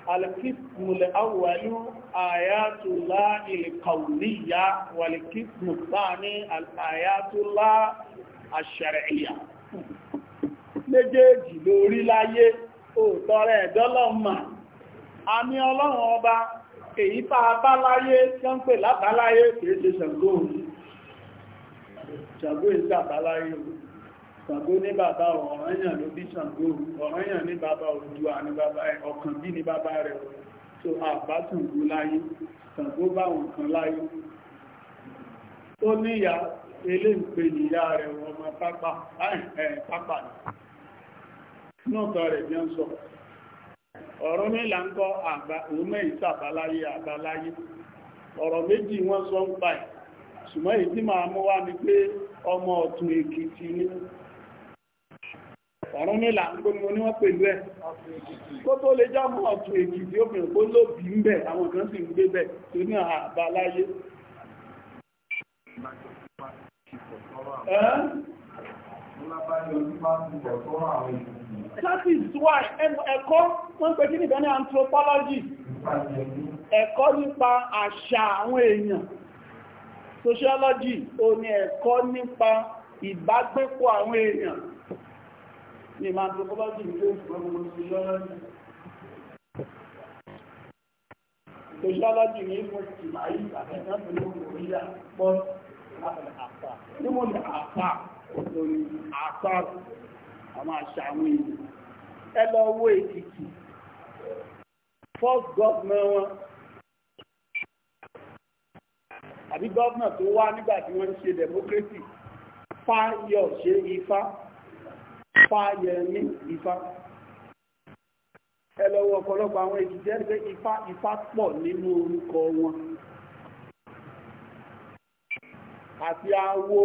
القسم الأول آيات الله القولية والقسم الثاني الآيات الله الشرعية méjèèjì lórí láyé òtọ́rẹ ẹ̀dọ́lọ́mà a ní ọlọ́run ọba èyí tá a bá láyé ń pè látàláyé kìí ṣe ṣàgbóhùn ṣàgbóhùn sí àtàláyé Ṣàngó ní bàbá ọ̀ranyàn ló bí Ṣàngó ọ̀ranyàn ní bàbá ní bàbá ẹ̀ ọ̀kàn bí ní bàbá rẹ̀ àbá láyé Ṣàngó bá wọn kan láyé tó níyà ilé ìpè níyà rẹ̀ ọmọ pápá pápá ọ̀rọ̀ méjì wọ́n sọ ń pa ẹ̀ ṣùgbọ́n ìdí mú wá ní pé ọmọ ọ̀tún ọ̀rún nílà ń gbogbo ní wọ́n pẹ̀lú ẹ̀ kó tó lè já mọ́ ọ̀tún èkìtì obìnrin kó lóbi ń bẹ̀ àwọn kan sì ń gbé bẹ̀ tó ní àbá láyé ẹ̀kọ́ wọ́n pẹ̀ kí nìkan ní anthropology ẹ̀kọ́ nípa àṣà àwọn èèyàn sociology ó ní ẹ̀kọ́ nípa ìbágbépọ̀ àwọn èèyàn ní máa tó kọ́ bá jì ní Tòṣálájì ní ìmọ̀ ìtìmáyí àtẹ́jọ́ pẹ̀lú òmìnira pọ́ láti àpá. Nímọ̀ ní àpá òtòrí àpá àmà ṣàmú ìlú. Ẹ lọ owó Èkìtì. First governor wọn àbí governor tó wá nígbà tí wọ́n ṣe democracy. Fáyọ̀ ṣe ifá Fáyẹmí Ifá ẹ lọ wo ọ̀pọ̀lọpọ̀ àwọn èkìtì ẹni pé Ifá Ifá pọ̀ nínú orúkọ wọn àti awo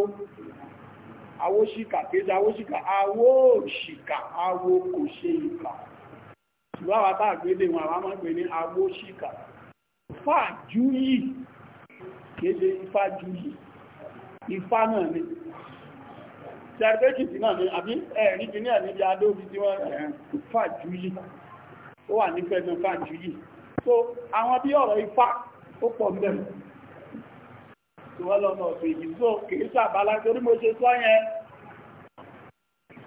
awóṣìkà kéde awóṣìkà awóṣìkà awo kò ṣe ìkà ṣùgbọ́n àwọn àtàgbélé wọn àwọn amọ́gbé ní awóṣìkà fàájú yìí kéde Ifá jù Ifá náà ni ṣẹ́rẹ́kìtì náà ni àbí ẹ̀rí kì ní ẹ̀níbi adóbi tí wọ́n fàjúyì ó wà ní fẹ́nu fàjúyì so àwọn bí ọ̀rọ̀ ifá ó pọ̀ mẹ́rin tí wọ́n lọ́nà ọ̀sẹ̀ yìí so kìí sàbálá torí mo ṣe sọ yẹn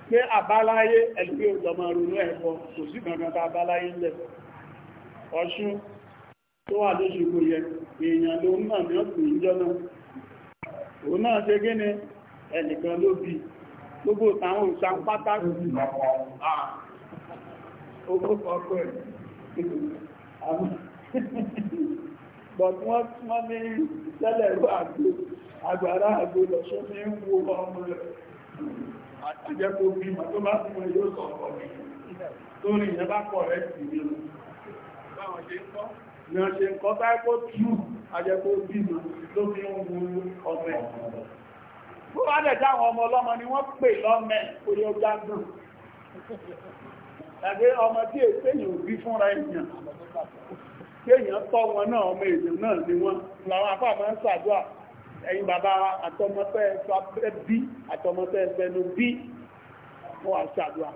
pé àbáláyé ẹ̀lúgbé ìjọmọ̀ ronú ẹ̀bọ kò sí gangan tá àbáláyé ń lẹ̀ ọ̀ṣun tó wà lóṣogbo yẹ èèyàn ló ń náà ní ọ̀pọ̀ ìjọ náà òun náà ṣe gíní ẹnìkan ló bíi gbogbo àwọn òṣàn pátá but wọ́n mọ́ ní tẹ́lẹ̀ rú àgbò agbára àgbò lọ ṣe ní wo ọmọ rẹ̀ àjẹ́kò bí ma tó bá fún yóò sọ ọ̀pọ̀ mi tó rí ìyẹn bá kọ̀ rẹ̀ sí ní ọ̀rọ̀ báwọn ṣe ń kọ́ ní ọ̀ṣẹ́ ń kọ́ táíkó tún àjẹ́kò bí ma tó fi ń wo ọmọ bó bá dẹ̀ dáwọn ọmọ ọlọ́mọ ni wọ́n pè lọ́mẹ orí ọjà dùn ẹgbẹ́ ọmọ tí èsè yìí ò bí fúnra èèyàn tí èèyàn tọ́ wọn náà ọmọ èèyàn náà ni wọ́n làwọn afá máa ń ṣàdúrà ẹ̀yin bàbá àtọmọtẹ́ ẹ̀fẹ́ bí àtọmọtẹ́ ẹ̀fẹ́ ló bí wọ́n á ṣàdúrà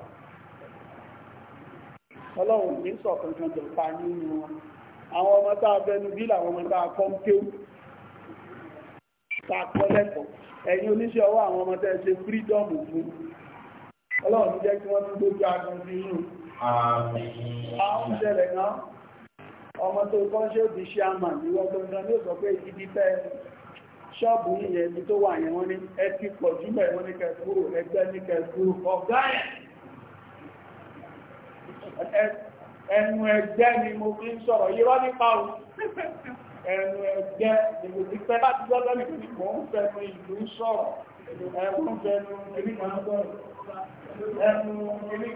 ọlọ́run ní sọ̀kan kan jọ̀ta nínú wọn àwọn ọmọ tá a fẹnu bí làwọn ọmọ tá a kọ́ ń kéwù ta kọ́ lẹ́kọ̀ọ́ ẹ̀yin oníṣẹ́ ọwọ́ àwọn ọmọ tẹ́ ṣe fírídọ́mù fún ọlọ́run jẹ́ kí wọ́n ti gbójú agun sí inú àwọn ìṣẹ̀lẹ̀ náà ọmọ tó kọ́ ṣe òbí ṣe àmà níwọ́n tó ń dán ní òsọ pé ibi tẹ́ ṣọ́ọ̀bù yìnyẹn ibi tó wà yẹn wọ́n ní ẹ ti pọ̀ jùmọ̀ ẹ̀wọ́n ní kẹkúrò ẹgbẹ́ ní kẹkúrò ọ̀gá yẹn ẹnu ẹgbẹ́ ni mo fi ń sọ̀rọ̀ yìí rọ́ nípa o [LAUGHS] ẹnu ẹgbẹ́ ìlú pípẹ́ láti gbọ́dọ̀ ní kí mò ń fẹnu ìlú sọ̀rọ̀ ẹnu fẹnu kiri máa ń sọ̀rọ̀ ẹnu kiri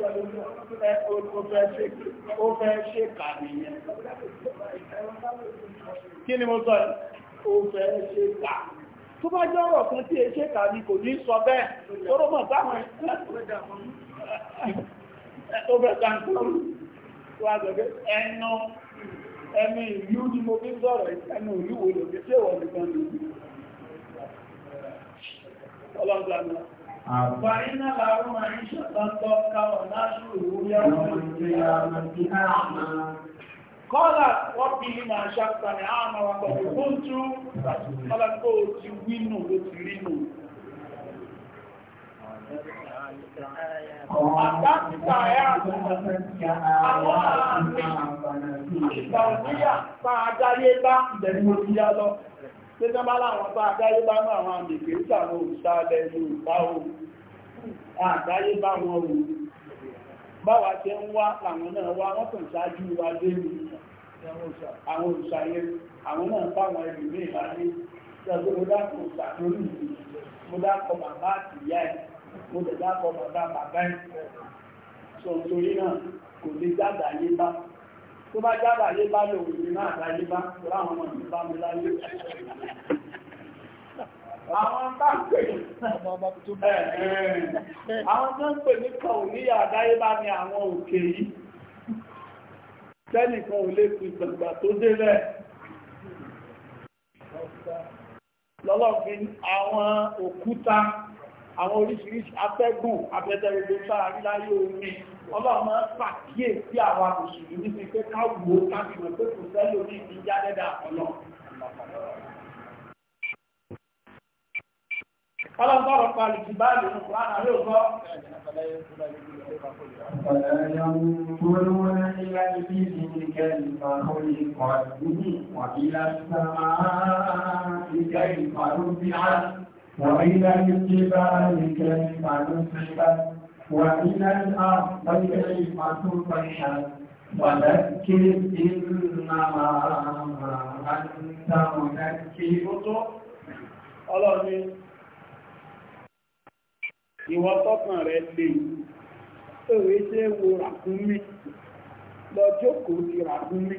ó fẹ́ ṣe kà nìyẹn kí ni mo sọ ẹ ó fẹ́ ṣe kà tó bá jẹ́ ọ̀rọ̀ kan tí èṣe kà ní kò ní sọ bẹ́ẹ̀ tó rọ́ mọ̀ táwọn ẹ̀ tó bẹ̀ dáńtọ́rù wà gbẹ̀gbẹ̀ ẹnu ẹni ìlú ni mo bí sọ̀rọ̀ ẹnu olúwo lò bí tí ìwọ̀n nìkan lò bí ọlọ́gbàmọ́ àgbàrínà làwọn máa ń ṣàtọ́tọ́ káwọn láṣù Kọ́lá wọ́n bí ní máa ṣàkà ní àmà wà pẹ̀lú fún tú, kọ́lá kó ti wínú ló Àdáńtà ẹ̀ àwọn àmì ìgbàlódíyà bá adáyé bá ìbẹ̀rù orí yá lọ. Ṣé tán bá láwọn bá adáyé bá náà àwọn àmì ìgbèrú sàrò òṣàlẹ̀ Yorùbá o. Àdáyé bá wọn o. Báwa ṣe ń wá làwọn náà wá wọ́n kàn ṣáájú wa lé mi. Àwọn òṣàyẹ àwọn náà bá wọn ẹlòmíì láyé. Ṣé ọgbẹ́ mo dákọ̀ òṣàlórí mo dákọ̀ màmá àtìyá ẹ̀ mo lè dákọ̀ bàbá bàbá ẹ̀ sọ torí náà kò lè jáde ayé bá tó bá jáde ayé bá lè òun ní máa dáyé bá tó láwọn ọmọ mi bá mi láyé àwọn bá ń pè àwọn tó ń pè ní kan ò níyà àdáyé bá ní àwọn òkè yìí tẹ́nìkan ò lè fi gbàgbà tó délẹ̀ lọ́lọ́fin àwọn òkúta àwọn oríṣiríṣi afẹ́gùn afẹ́tẹ̀rẹ̀lẹ́ sáàrí láyé omi ọlọ́run máa ń pàkíyè sí àwọn àkùsùlù níbi pé káwò kábìmọ̀ pé kò sẹ́lò ní ìdíjá dẹ́dà ọlọ́run Ọlọ́gbọ́rọ̀ parí ti báyìí ní Kùránà ló gọ́. Ọ̀rẹ́ وإلى الجبال كيف نصبت وإلى الأرض كيف تطحت وذكر إنما أنت مذكر ọlọ́ni ìwọ tọ́kàn rẹ̀ lè òwe ṣe wo ràkúnmí lọ jókòó ti ràkúnmí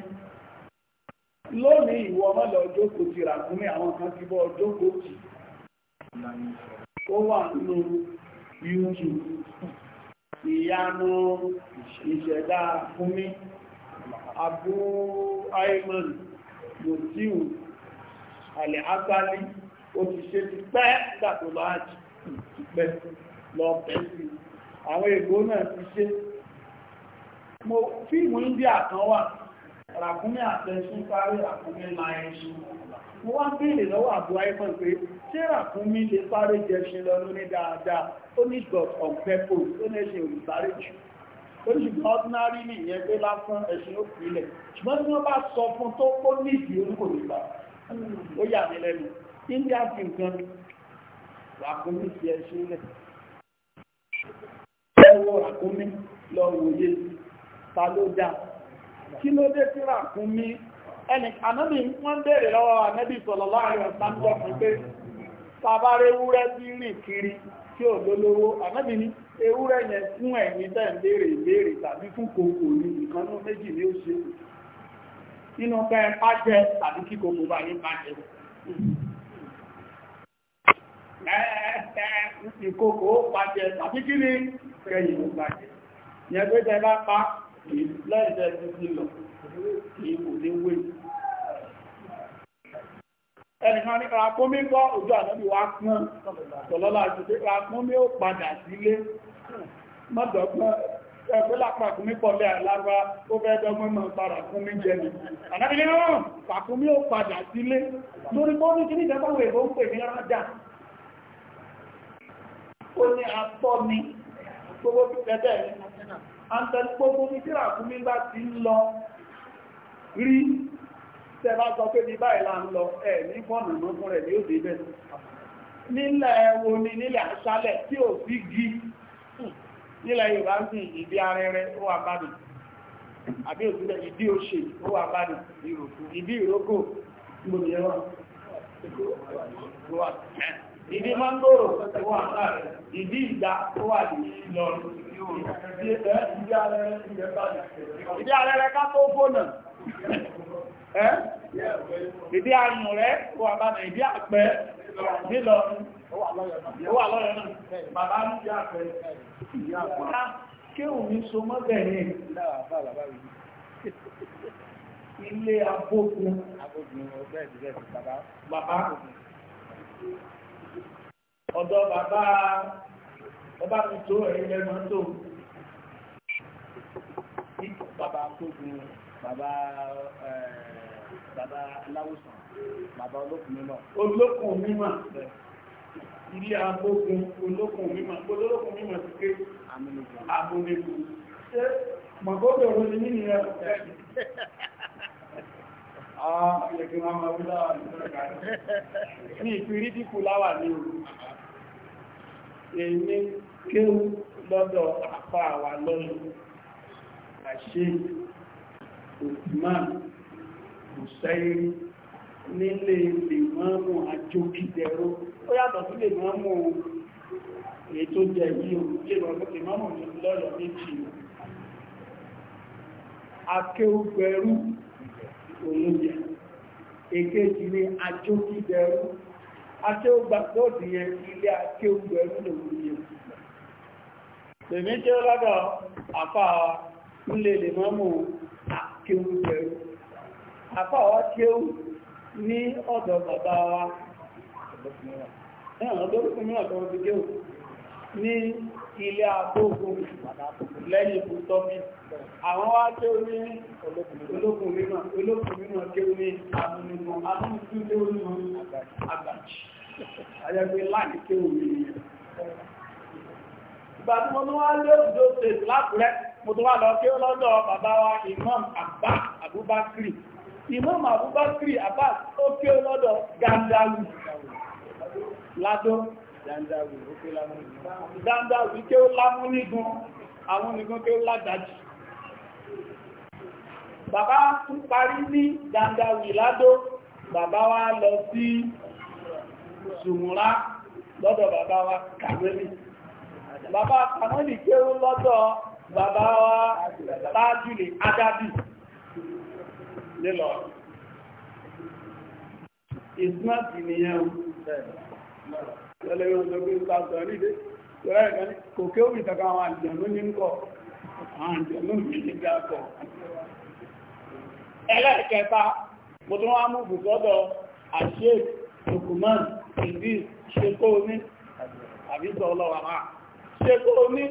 lónìí ìwọ mọ́ lọ jókòó ti ràkúnmí àwọn kan ti bọ́ jókòó ti ó wà nínú YouTube ìyanu ìṣẹ̀dá fúnmi Abu Ayman Mutiu Alẹ́hásáli ó ti ṣe ti pẹ́ dàtò láàájì ti pẹ́ lọ pẹ́sì àwọn ègbó náà ti ṣe mo fíìmù India kan wà ràkúnmí àtẹ́sùn sáré ràkúnmí láyé ṣùgbọ́n mo wá béèrè lọ́wọ́ àbú iphone pé ṣéra fún mi lè sáré jẹ ṣe lọ lóní dáadáa ó ní god on purpose ó ní ẹṣin olùsáré jù ó ní ṣùgbọ́n ordinary ní ìyẹn pé lásán ẹṣin ó pìlẹ̀ ṣùgbọ́n tí wọ́n bá sọ fún tó kó nídìí orúkọ nígbà ó yà mí lẹ́nu india fi nǹkan ràkúnmí ti ẹṣin lẹ̀ ẹwọ́ ràkúnmí lọ wòye ta ló dá kí ló dé sí ràkúnmí ẹni ànábì wọ́n bèèrè lọ́wọ́ ànábì sallallahu alaihi wasallam pé tàbárí ewúrẹ́ tí rìn kiri tí ò lólówó ànábì ní ewúrẹ́ yẹn fún ẹ̀yin tẹ́ ń béèrè Inu tàbí fún kòkò ní nǹkan ní méjì ní ó ṣe nínú tàbí kí kòkò bá ní pàjẹ́ tàbí bá pa èèwò ní wé ẹnìkan ní ràkúnmí kọ́ ojú ànábì wa pọ́n tọ̀lọ́lá àjùdé ràkúnmí ó padà sílé mọ́dọ̀gbọ́n ẹgbẹ́ lápàkúnmí pọ̀lẹ̀ àlára ó fẹ́ dọ́gbọ́n mọ́ padà fún mi jẹ́ ni ànábì ní rán ràkúnmí ó padà sílé lórí bọ́ ní kíní ìjọba òwe ń pè ní rájà ó rí tẹ́lá sọ pé ní báyìí la ń lọ ẹ̀ ní fọ́nà náà fún rẹ̀ ní òde bẹ́ẹ̀ nílẹ̀ wo ni nílẹ̀ aṣálẹ̀ tí ò sí gi nílẹ̀ Yorùbá ń sìn ìdí arẹrẹ ó wà bá nìí ìdí òṣè ó wà bá ní ìdí ìrókò ìdí mangoro wà láàrẹ ìdí ìdá ó wà ní Ìlọrin ìdí arẹrẹ ká tó fónà ẹ́ ìdí àánú rẹ̀ kó wà bánà ìdí àpẹ́ wà lọ́yọ̀ náà bàbá ń àpẹ́ kí ní so mọ́ bẹ̀rẹ̀ ilé bàbá ọ̀dọ̀ bàbá ọba tó bàbá eh, bàbá aláwòsàn bàbá olókùn mímọ́. olókùn mímọ́ ilé agbógun olókùn mímọ́ olókùn mímọ́ ti ké abúlébù ṣé mọ̀gọ́dọ̀ ọ̀rọ̀ ni nínú rẹ̀ ní ìpìrí dípò láwà ní òru èmi kéwú lọ́dọ̀ àpá àwà lọ́nà àṣírí Usman Hussein nílé lèmọ́mù o ó yàtọ̀ sí lèmọ́mù ètò jẹ yíò lèmọ́mù lọ́yọ̀ méjì ní àjókìdẹ̀rọ akéúgbàgbọ́dì akéúgbẹ̀rú lòmìnir lèmí jẹ́ lọ́dọ̀ àfáà nílé kéwú jẹrú àpáwà kéwú ní ọ̀dọ̀ bàbá wa ẹ̀rọ lórúkún mìíràn tó ti kéwú ní ilé agbógun lẹ́yìn ìbùsọ́mí àwọn wá kéwú ní olókùn mìíràn olókùn mìíràn kéwú ní amúnimọ̀ amúnimọ̀ kéwú ní àgbàjì ayẹgbẹ́ láti kéwú ní ìyẹn ìgbàtí wọn wá lé òjò tètè lápùrẹ́ mo tó wá lọ kí ó lọ́dọ̀ bàbá wa imam abba abubakri imam abubakri abba ó kí ó lọ́dọ̀ gandawu ládó gandawu kí ó lámú nígun àwọn nìkan kí ó ládájú bàbá tún parí ní gandawu ládó bàbá wa lọ sí sùmúrá lọ́dọ̀ bàbá wa kàwẹ́lì bàbá kàwẹ́lì kí ó lọ́dọ̀ bàbá wa tájúlé adábì nílọ ìsúnáàtì nìyẹn lọ́lẹ́gbẹ́ ọ̀sọ̀gbẹ́ ìpàtọ̀ nílé lọ́rẹ́ ìkan kò kí ó rí ìtàkà àwọn àjẹ̀mú ní ń kọ́ àwọn àjẹ̀mú ní ń gbà kọ́ ẹlẹ́ẹ̀kẹta mo tún ọlọ́wàá ṣekó ní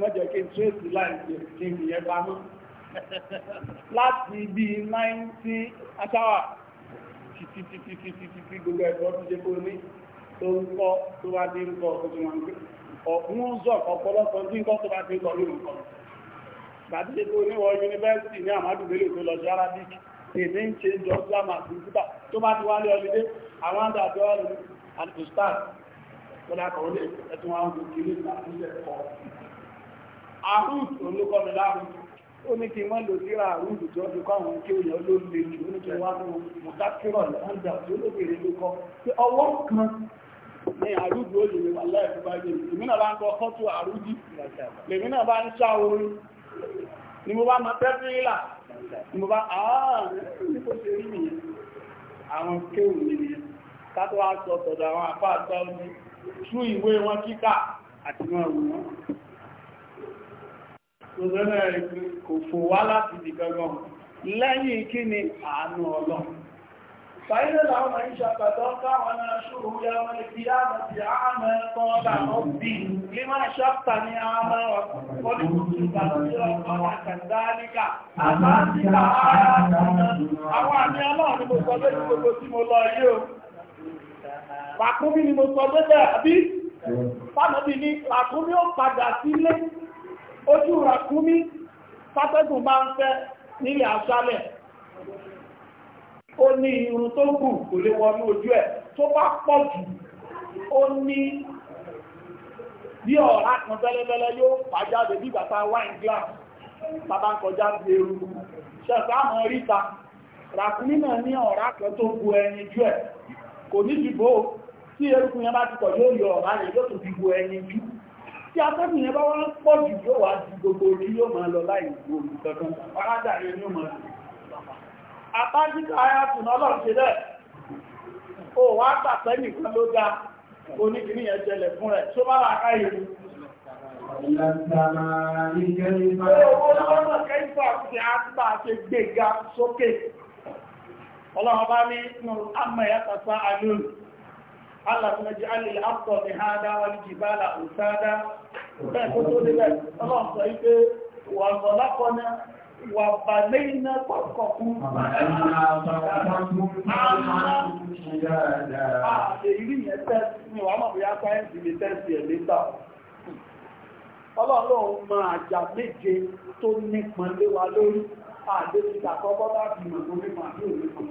mọ́jẹ̀ kí n tracy láìsí kí n yẹ bá mọ́ láti bí 90 aṣáwà títítítítítítí gbogbo ẹ̀kọ́ tó jẹ́ kó ní tó ń kọ́ tó bá dé ń kọ́ ọdún wọn gbé ọ̀pún ń zọ̀ ọ̀pọ̀lọpọ̀ tí ń kọ́ tó bá dé lọ lórí nǹkan gbàdí ṣe tó níwọ̀ yunifásitì ní àmàdùgbélé tó lọ sí arabic èdè ń ṣe jọ islam àti ìsúta tó bá ti wálé ọlídé àwọn àdàbí ọlùmí àti ustaz tó lákọ̀ọ́lẹ̀ ẹ̀tún àwọn òkèlè àti ìṣẹ̀kọ̀ọ́ arúùt olókọ́mi lárúùt ó ní kí wọ́n lò síra arúùt tí wọ́n fi kọ́ àwọn kí òyìn olóòlè jù ó ní kí wọ́n mú mọ̀tákírọ̀ lẹ́ńdà tí olóbìnrin ló kọ́ pé ọwọ́ kan ní arúùt ó lè wà láìpẹ́ bá yẹ èmi náà bá ń kọ́ kọ́tù arúùt lèmi náà bá ni mo bá ni mo bá ààrùn ní kó ṣe rí nìyẹn àwọn kéwù nìyẹn àti wọn wù wọn lọ́sọ́nà kò fò wá láti di gangan lẹ́yìn kí ni àánú ọlọ́ fàílẹ̀ làwọn máa ń ṣàpàtọ́ káwọn náà ṣòro ya wọ́n ti àmà ti àmà ẹ̀kọ́ ọ̀dà ọ̀bí lè máa ṣàpà ní àmà ọdún ìgbàlódé ọ̀pọ̀ àkàndáríkà àbáàtì àwọn àmì ọlọ́run ni mo sọ lórí gbogbo tí mo lọ yìí o pàkúmí ni mo sọ lórí àbí fánàbí ni pàkúmí ó padà sílé ojú ràkúnmí pátẹ́gùn máa ń fẹ́ nílẹ̀ aṣálẹ̀ ó ní irun tó kù kò lè wọnú ojú ẹ̀ tó bá pọ̀ jù ó ní bí ọ̀rá kan bẹ́lẹ́bẹ́lẹ́ yóò pàjáde bí bàtà wine glass bàbá ń kọjá bí eruku ṣẹ̀fẹ́ àmọ́ ríta ràkúnmí náà ní ọ̀rá kan tó bu ẹyin jù ẹ̀ kò ní dìbò tí eruku yẹn bá ti pọ̀ yóò yọ ọ̀rá yẹn yóò tún dìbò ẹyin jù tí atẹ́kùn yẹn bá wá ń pọ̀ jù yóò wá ju gbogbo orí yóò máa lọ láì gbogbo olùkankan parádà rẹ̀ ní ọmọ rẹ̀ àtàjíkà ayatùn ọlọ́run ṣe lẹ̀ ó wá tàtẹ́ nìkan ló dá oníkìní yẹn jẹlẹ̀ fún rẹ̀ tó bá wà ká ìlú Ọlọ́run bá ní àmọ̀ ìyàtàtà àlúrù alam naj'al lil arda mihada wal jibala usada be ko to de be Allah sọ ipe wa khalaqna wa banayna khalqakum ma anna khalaqakum shidada ah yẹn te mi wa mo ya pa en di te si e leta Ọlọ́run ma àjà méje tó nípọn lé lórí ah, àdébìtà kọ́kọ́ bá mọ̀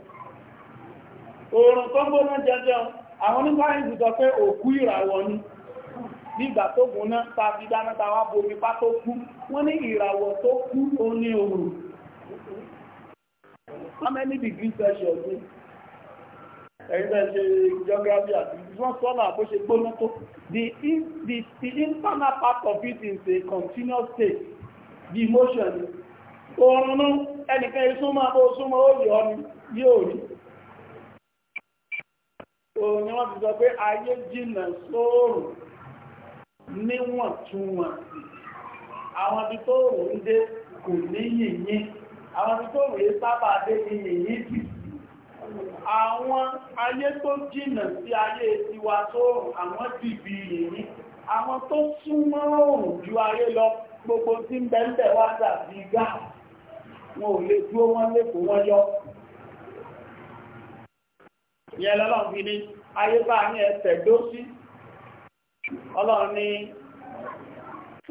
oòrùn tó gbóná jẹjọ àwọn onígbà ìlú pé òkú ìràwọ̀ ni nígbà tó gbóná tàbí dáná tàwà bomi pá tó kú wọ́n ní ìràwọ̀ tó kú ó ní oòrùn how many degrees celsius ni the internal part of it is a continuous motion ẹnìkan ìsúnmọ́ ó súnmọ́ ó yọ ọ́ yóò rí òun ni wọ́n ti sọ pé ayé jìnnà sóòrùn níwọ̀ntúnwọ̀nsì àwọn ibi tó rò ń dé kò ní yìnyín àwọn ibi tó rèé sábà dé ní yìnyín jì àwọn ayé tó jìnnà sí ayé tiwa sóòrùn àwọn dìbì yìnyín àwọn tó súnmọ́ òòrùn ju ayé lọ gbogbo tí ń bẹ́ńbẹ̀ wá dàbí gáà wọn ò lè dúró wọn lẹ́kọ̀ọ́ wọn yọ ìyẹn lọ́lọ́run fi ní ayé bá ní ẹsẹ̀ dósí ọlọ́run ní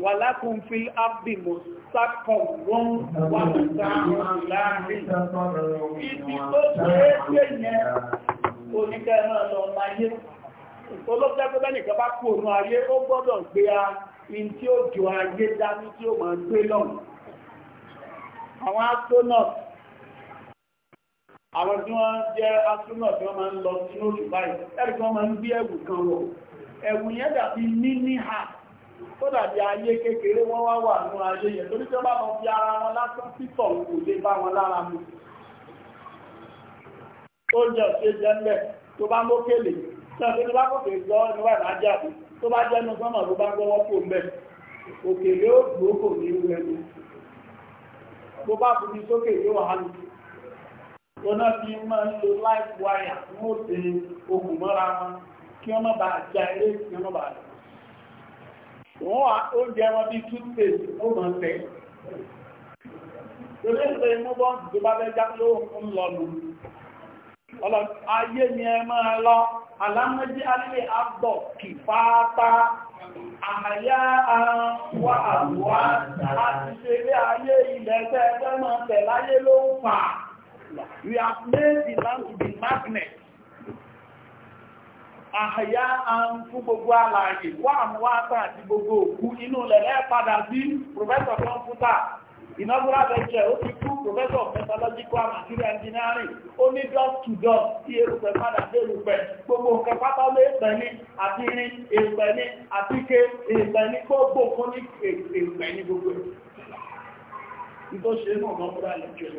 wà lákùn fi ábì mọ̀ sákọ̀m wọ́n wà ní sáàrùn láàrin ibi tó ṣe é yẹn oníkẹ́ náà lọ máyé olóògbé bẹ́nìkan bá kú àwọn tí wọ́n jẹ́ astronaut tí wọ́n máa ń lọ sínú òṣù báyìí ẹ̀rì kan máa ń gbé ẹ̀wù kan wọ̀ ẹ̀wù yẹn dàbí níní ha tó dàbí ayé kékeré wọ́n wá wà nínú ayé yẹn torí tí wọ́n bá wọn fi ara wọn lásán títọ̀ kò lè bá wọn lára mu ó jẹ́ òṣèlú jẹ́ńbẹ̀ tó bá mókèlè náà tó ní bá kòkè gbọ́ ẹni wà náà jáde tó bá jẹ́nu sọ́mọ̀ ló bá gbọ́wọ́ kò mẹ́ òkèlè ó gbòókò ní ewu ẹnu bó bá fi sókè yóò wà hánú lọ́nà bí máa ń lo life wire tí wọ́n tẹ ogun mọ́ra wọn kí wọ́n má bàa já eré kí wọ́n má bàa Wọ́n wá oúnjẹ wọn bí toothpaste ó máa tẹ̀. Tòlé ń pè mú bọ́ǹsì tó bá fẹ́ já lóhùn ń lọ nù. Ayé ni ẹ máa lọ, àlámọ́jí alẹ́ àbọ̀ kì fáátá, àyá àwọn àbúwá àti ṣeré ayé ilẹ̀ tẹ́ ẹgbẹ́ máa tẹ̀ láyé ló ń fà We have made the land to be magnet. Àhàyá àwọn fún gbogbo alààyè wà àwọn àtà àti gbogbo òkú inú lẹ̀lẹ́ padà sí Prọfẹ́sọ̀ Kọ́mpútà. Inaugural lecture ó ti kú Prọfẹ́sọ̀ Metallurgical and Material Engineering. Ó ní dust to dust tí erùpẹ̀ padà dé erùpẹ̀. Gbogbo nǹkan pátá lé èpẹ̀ ní àti irin èpẹ̀ ní àtíké èpẹ̀ ní gbogbo fún ní èpẹ̀ gbogbo. Ìtọ́ṣe náà lecture.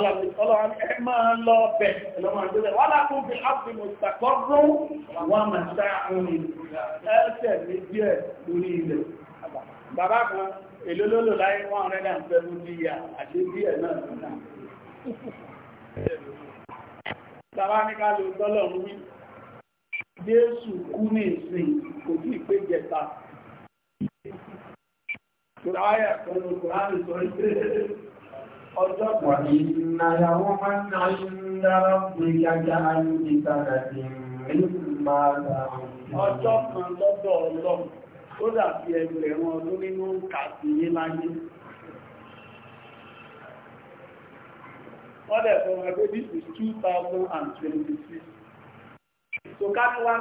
wàhálà ní ọlọ́run ẹ máa lọ bẹ̀ ẹlọ́mọ àgbélẹ̀ wàhálà kó fi ápì mọ̀ ìtàkọ́rún wọn máa ṣá àwọn ẹsẹ̀ ní díẹ̀ lórí ilẹ̀ bàbá kan èlò Jésù kú ní ìsìn kò tí pé jẹta Kùráyà kan ló kùrá ọjọ́ pọ̀ iná yàwó máa ń náà dára pé yájá ayúdí sára ti rí máa dára. Ọjọ́ kan lọ́dọ̀ ọlọ́run tó is 2026. So káàkì 1,000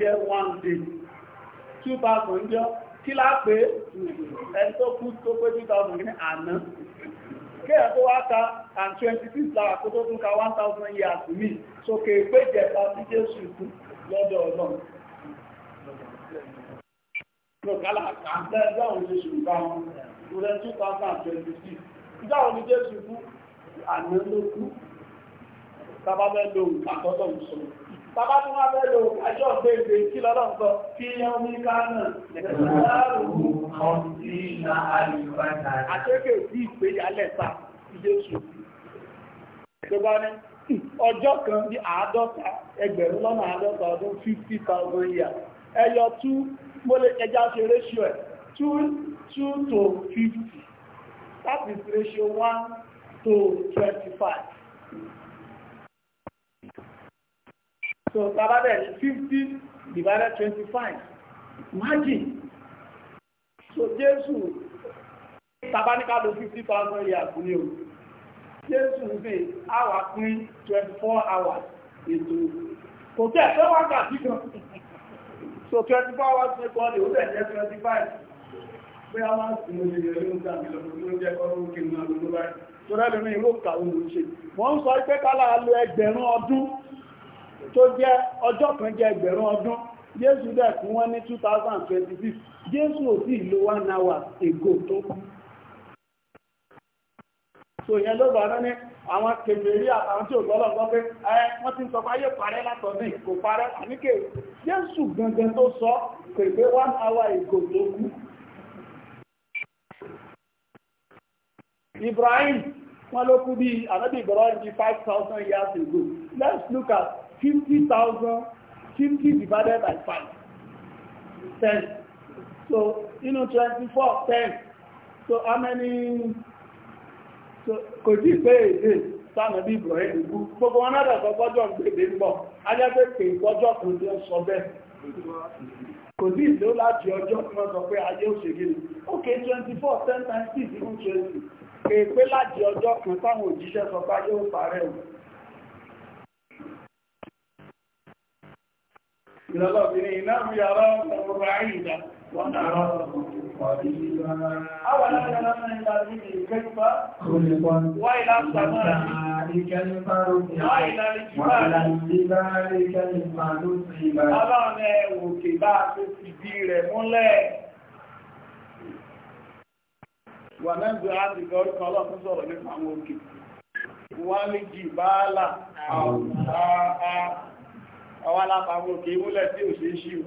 jẹ́ one day. 2,000 jọ kí lápé ẹni tó kú tó 2,000 ní àná kéèyàn tó wá ka and twenty six lára kó tó tún ka one thousand years mi sókè pé jẹta tí Jésù kú lọ́dọ̀ ọlọ́run. Lọ́kàlà àtẹ́ ìgbàwọ̀n Jésù bá wọn lórí two thousand and twenty six ìgbàwọ̀n Jésù kú àná ló kú tábàbẹ́ lòun àtọ́tọ̀ ìṣòro bàbá tó máa bẹ́ẹ̀ lò àjọ gbèǹdé kí lọ́lọ́ sọ kí yẹn ní kánà lẹ́gbẹ̀rún ọ̀sìn àlùbáta àtẹ́kẹ̀ sí ìgbéyàlẹ̀ sá Jésù tó bá ní ọjọ́ kan ní àádọ́ta ẹgbẹ̀rún lọ́nà àádọ́ta ọdún 50,000 years ẹyọ tú mo lè ẹjá ṣe ratio ẹ̀ 2 to 50 that is ratio 1 to 25 so tabadẹ̀ fifty divided twenty five imagine so Jésù tabaníkà ló fifty thousand years kù ní o Jésù ń pè áwà pín twenty four hours ètò kò tẹ́ ẹ̀ fẹ́ wákàtí kan so twenty four hours ní kọ́ọ̀lì ó bẹ̀ jẹ́ twenty five pé a máa ń sìn ní ilẹ̀ ló ń ta mi ń jẹ́ kọ́ lóun kí n báyìí tó rẹ́ lómi ìlú òkà òun ló ń ṣe wọ́n ń sọ pé kálá lo ẹgbẹ̀rún ọdún tó jẹ́ ọjọ́ kan jẹ́ ẹgbẹ̀rún ọdún jésù dẹ̀ ni wọ́n ní 2026 jésù ò sí ìlò one hour ago tó kú so yẹn ló bá ní àwọn kèfèrí àtàwọn tí ò lọ́lọ́ gbọ́ pé ẹ wọ́n ti ń sọ pé ayé parẹ́ látọ̀dún kò parẹ́ àníkè jésù gangan tó sọ pé pé one hour ago tó kú ibrahim wọn ló kú bí ànábì ibrahim bí years ago let's look at Fifty thousand, fifty divided by five, ten. so you know twenty-four, ten. so how many so kò tí pé èdè sáàmù bí Ibrahim ìlú gbogbo wọn náà dẹ̀kọ́ gbọ́jọ́ gbèdè ń bọ̀ ajẹ́gbẹ́ pé gbọ́jọ́ kò tí ó sọ bẹ́ẹ̀ kò tí ìlú láti ọjọ́ tí wọ́n sọ pé ayé òṣèlú ok 24 10 times 6 20 kèèpé láti ọjọ́ kan táwọn òjíṣẹ́ sọ pé ayé ò parẹ́ òun ìrọ̀lọ́bìnrin iná mú yàrá ọ̀pọ̀ àìyíká wọ́n náà rọ̀rọ̀ Àwọn alágbàrá náà ń bá ní ìkẹ́kọ̀ọ́. Wọ́n ìlàṣàmọ́ra. Wọ́n ìlàṣàmọ́ra. Ọlọ́run ẹ̀wò kè bá tó fi bí rẹ̀ múlẹ̀. Wà náà jọ á ti gọ́rí kan ọlọ́run sọ̀rọ̀ nípa àwọn òkè. Wọ́n lè jì bá àwọn alápàáwọ̀ òkè múlẹ̀ tí ò ṣeé ṣíò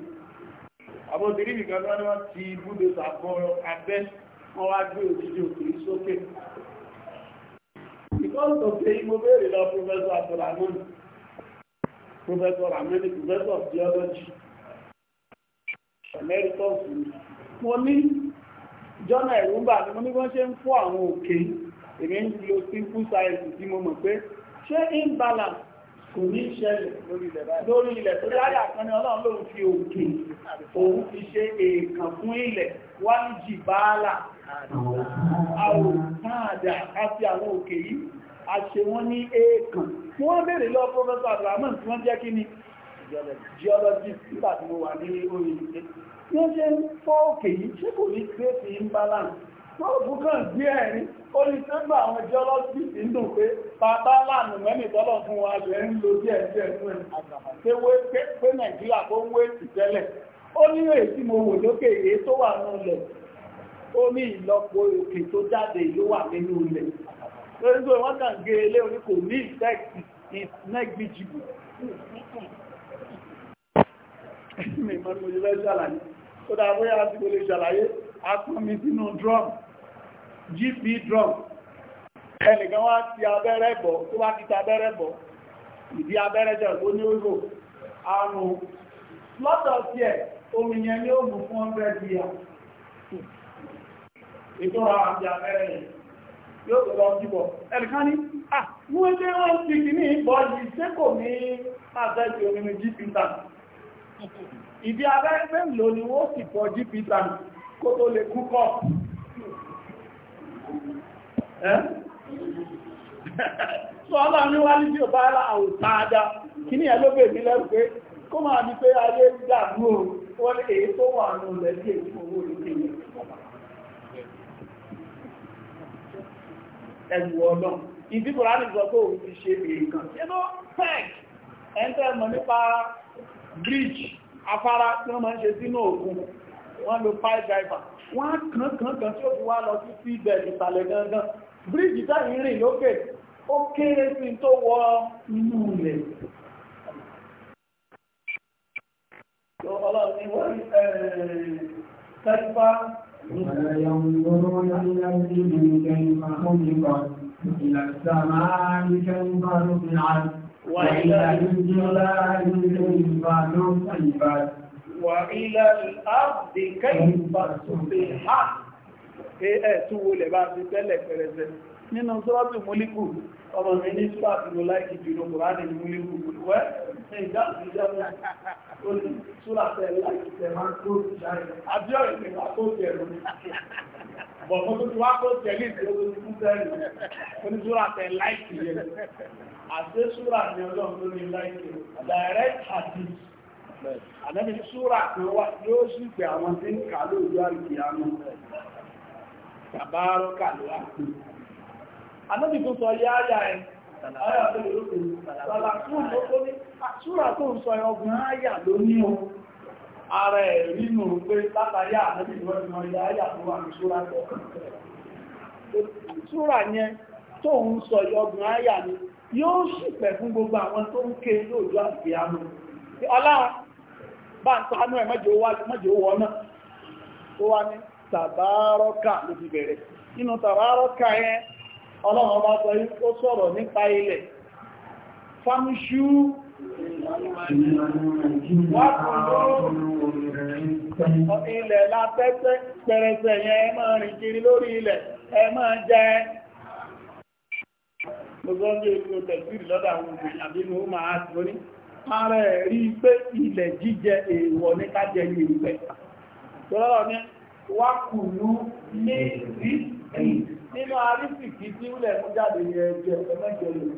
àwọn obìnrin nìkan tó wọ́n ti búdó sàbọ̀ abẹ́ wọ́n wá gbé òjìjì òkè sókè ìkọ́ǹtọ̀ pé mo béèrè lọ pọ́fẹ́sọ̀ àbúrámọ́nì pọ́fẹ́sọ̀ ramẹ́ni pọ́fẹ́sọ̀ theology emeritus mo ní jọ́nà ìrúmbà ni mo ní wọ́n ṣe ń fọ́ àwọn òkè èmi ń lo simple science tí mo mọ̀ pé ṣé imbalance kò ní ṣẹlẹ̀ lórí ilẹ̀ tó dáyà kan ní ọlọ́run ló fi òkè òun fi ṣe èèkàn fún ilẹ̀ wá ní jìbáàlà àwòkáàdà àti àwọn òkè yìí a ṣe wọ́n ní èèkàn fún wọ́n bèèrè lọ Professor Abdulrahman tí ni geologist nígbà tí mo wà ní Tóòfù kàn gbé ẹ̀rí, ó ní sẹ́gbà àwọn ìjọ lọ́sí ìlú pé bàbá lànà mẹ́rin tọ́lọ̀ fún wa jẹ́ ń lo díẹ̀ díẹ̀ fún ẹ̀ àgbàmà pé pé Nàìjíríà kó ń wé ìtẹ́lẹ̀. Ó ní èyí tí mo wò lókè èyí tó wà nínú ilẹ̀. Ó ní ìlọ́po òkè tó jáde ló wà nínú ilẹ̀. Lórí pé wọ́n kàn e kò lè ṣàlàyé, a pọ́n mi sínú drum gp drug ẹnìkan wá ti abẹ́rẹ́ bọ̀ tó wá ti ta abẹ́rẹ́ bọ̀ ìdí abẹ́rẹ́ jẹ́ tó ní òrò àrùn lọ́tọ̀ sí ẹ̀ omi yẹn ní òògùn fún hundred years ètò àwọn àmì abẹ́rẹ́ yẹn yóò tó lọ síbọ̀ ẹnìkan ní ah wọ́n dé wọ́n ti kì ní ìbọ̀ yìí ṣé kò ní àtẹ́jì omi ní gp tank ìdí abẹ́rẹ́ mélòó ni wọ́n sì pọ̀ gp tank kó tó lè kú kọ́ọ̀pù sọ ọlọ́run ní wá ní bí ò bá rà àwòtáadá kí ní ẹlọ́bẹ̀ mi lẹ́rù pé kó máa ní pé ayé dàmú o wọ́n ní èyí tó wà ní ọ̀lẹ́ sí èyí owó ìpínlẹ̀ ẹ̀wù ọlọ́run ìdí kò láti sọ pé òun ti ṣe èyí kan ṣe ló peg ẹ̀ńtẹ́ bridge afárá tí wọ́n máa ń ṣe sínú òkun wọ́n lo pipe driver wọ́n á kàn kàn kàn tí ó fi wá lọ sí sí ibẹ̀ ìsàlẹ̀ gangan bíríjì táyìí rìn lókè ó kéré sí tó wọ inú ilẹ̀ ọlọ́run ni wọ́n tẹ́lifá ينظرون إلى الإبل wàílá àbdì kẹ́yìnbà tóbi ha ẹ̀ tún wọlẹ̀ bá ti tẹ́lẹ̀ pẹ̀rẹsẹ̀ nínú sọ́ọ̀tù múlíkù ọmọ mi ní spáàtì ló láìkì jùlọ kùránì ní múlíkù wẹ́ ní ìdáàbìdáàbì Àti ṣúra ni ọlọ́run ló ní láìkì, direct hadith ànábì súra kan wá yóò sì pé àwọn tí ń kà lóòjú àìkìyàmù tàbárọ́ kà ló wá pé ànábì tó sọ yá yá ẹ ah, tó ń sọ ẹ ọgbọ̀n áyà ló ní o ara ẹ̀ nínú pé látàyà ànábì tó sọ ní yóò sì pẹ̀ fún gbogbo àwọn tó ń ké bá ń sánú ẹ̀ mẹ́jọ owó ọ̀nà ó wá ní tàbárọ́kà ló fi bẹ̀rẹ̀ nínú tàbárọ́kà yẹn ọlọ́run sọ ó sọ̀rọ̀ nípa ilẹ̀ fámúṣú ilẹ̀ látẹ́tẹ́ pẹrẹsẹ yẹn ẹ máa rìn kiri lórí ilẹ̀ ẹ máa jẹ ìlú àwọn máa ti ó ní ara ẹ̀rí pé ilẹ̀ jíjẹ èèwọ̀ ní kájẹ ní ìrúgbẹ̀. Tọ́lọ́lọ́ ní wá kù lú ní rí nínú arísìkí tí ó lẹ̀ mú jáde ní ẹjẹ́ ẹgbẹ́jẹ́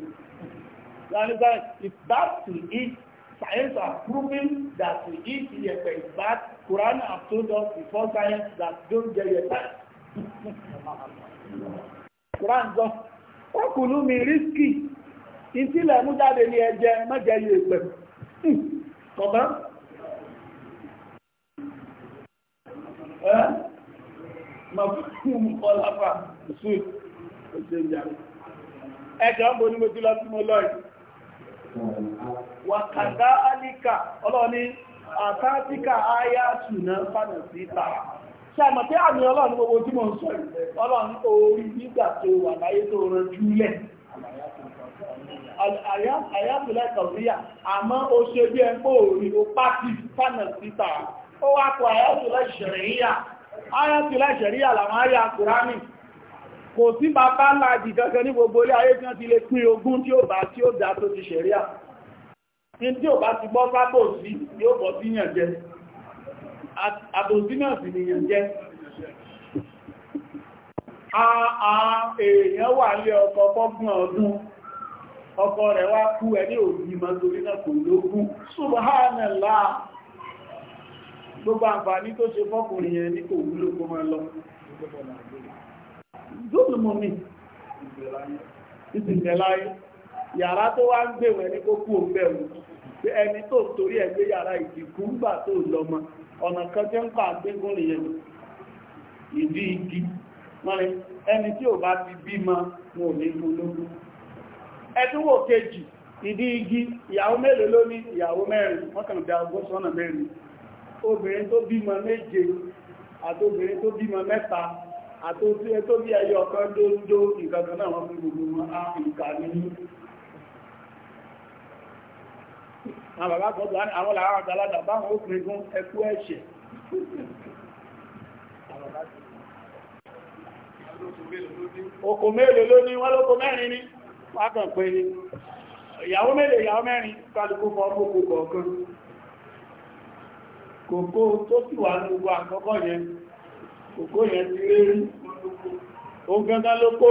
if that to science are proving that to eat yẹ̀pẹ̀ is bad, Quran has told us before science that don't get yẹ̀pẹ̀. [LAUGHS] Quran sọ, wá kù lú mi ìtílẹ̀ mú jáde ní ẹjẹ mẹ́jẹ yìí ma fún mú kọ́ lápá ìṣú ìṣẹ́ ìjàrí ẹjọ́ ń ní mo ti lọ sí mo lọ́ì wàkàdá alíkà ọlọ́ni àtàtíkà ayá ṣùnà fánà sí tí àmì gbogbo tí mo ń àyàtúlẹ̀ kọ̀ríyà àmọ́ ó ṣe bí ẹ pò rí o pàtí fánà síta ó wá kọ àyàtúlẹ̀ ṣẹ̀ríyà àyàtúlẹ̀ ṣẹ̀ríyà làwọn àyà kùránì kò sí bàbá láàdì kankan ní gbogbo orí ayé kan ti lè pín ogún tí ó bá tí ó dá tó ti ṣẹ̀ríyà ní tí ò bá ti gbọ́ èèyàn wà lé ọkọ̀ fọ́gbọ̀n ọdún ọkọ rẹ̀ wá kú ẹni òbí ma torí náà kò lókú subhanallah gbogbo àǹfààní tó ṣe fọ́kùnrin yẹn ní kò wúlò kó máa lọ ìsìnkẹ̀láyé yàrá tó wá ń gbé ní kó kú òun ẹni tó torí ẹdúnwò kejì ìdí igi ìyàwó mélòó ló ní ìyàwó mẹ́rin mọ́kànlá ọgọ́sọ́nà mẹ́rin obìnrin tó bímọ méje àtobìnrin tó bímọ mẹ́ta àtòtí ẹ tó bí ẹyọ ọ̀kan dóńdó nǹkan náà wọ́n fi gbogbo ni wákàn pé ìyàwó mẹ́lẹ̀ ìyàwó mẹ́rin fọ́ kọ̀ọ̀kan kòkó tó sì wà ní ugbo àkọ́kọ́ yẹn kòkó yẹn ti lé rí oún gẹ́gẹ́ ló kó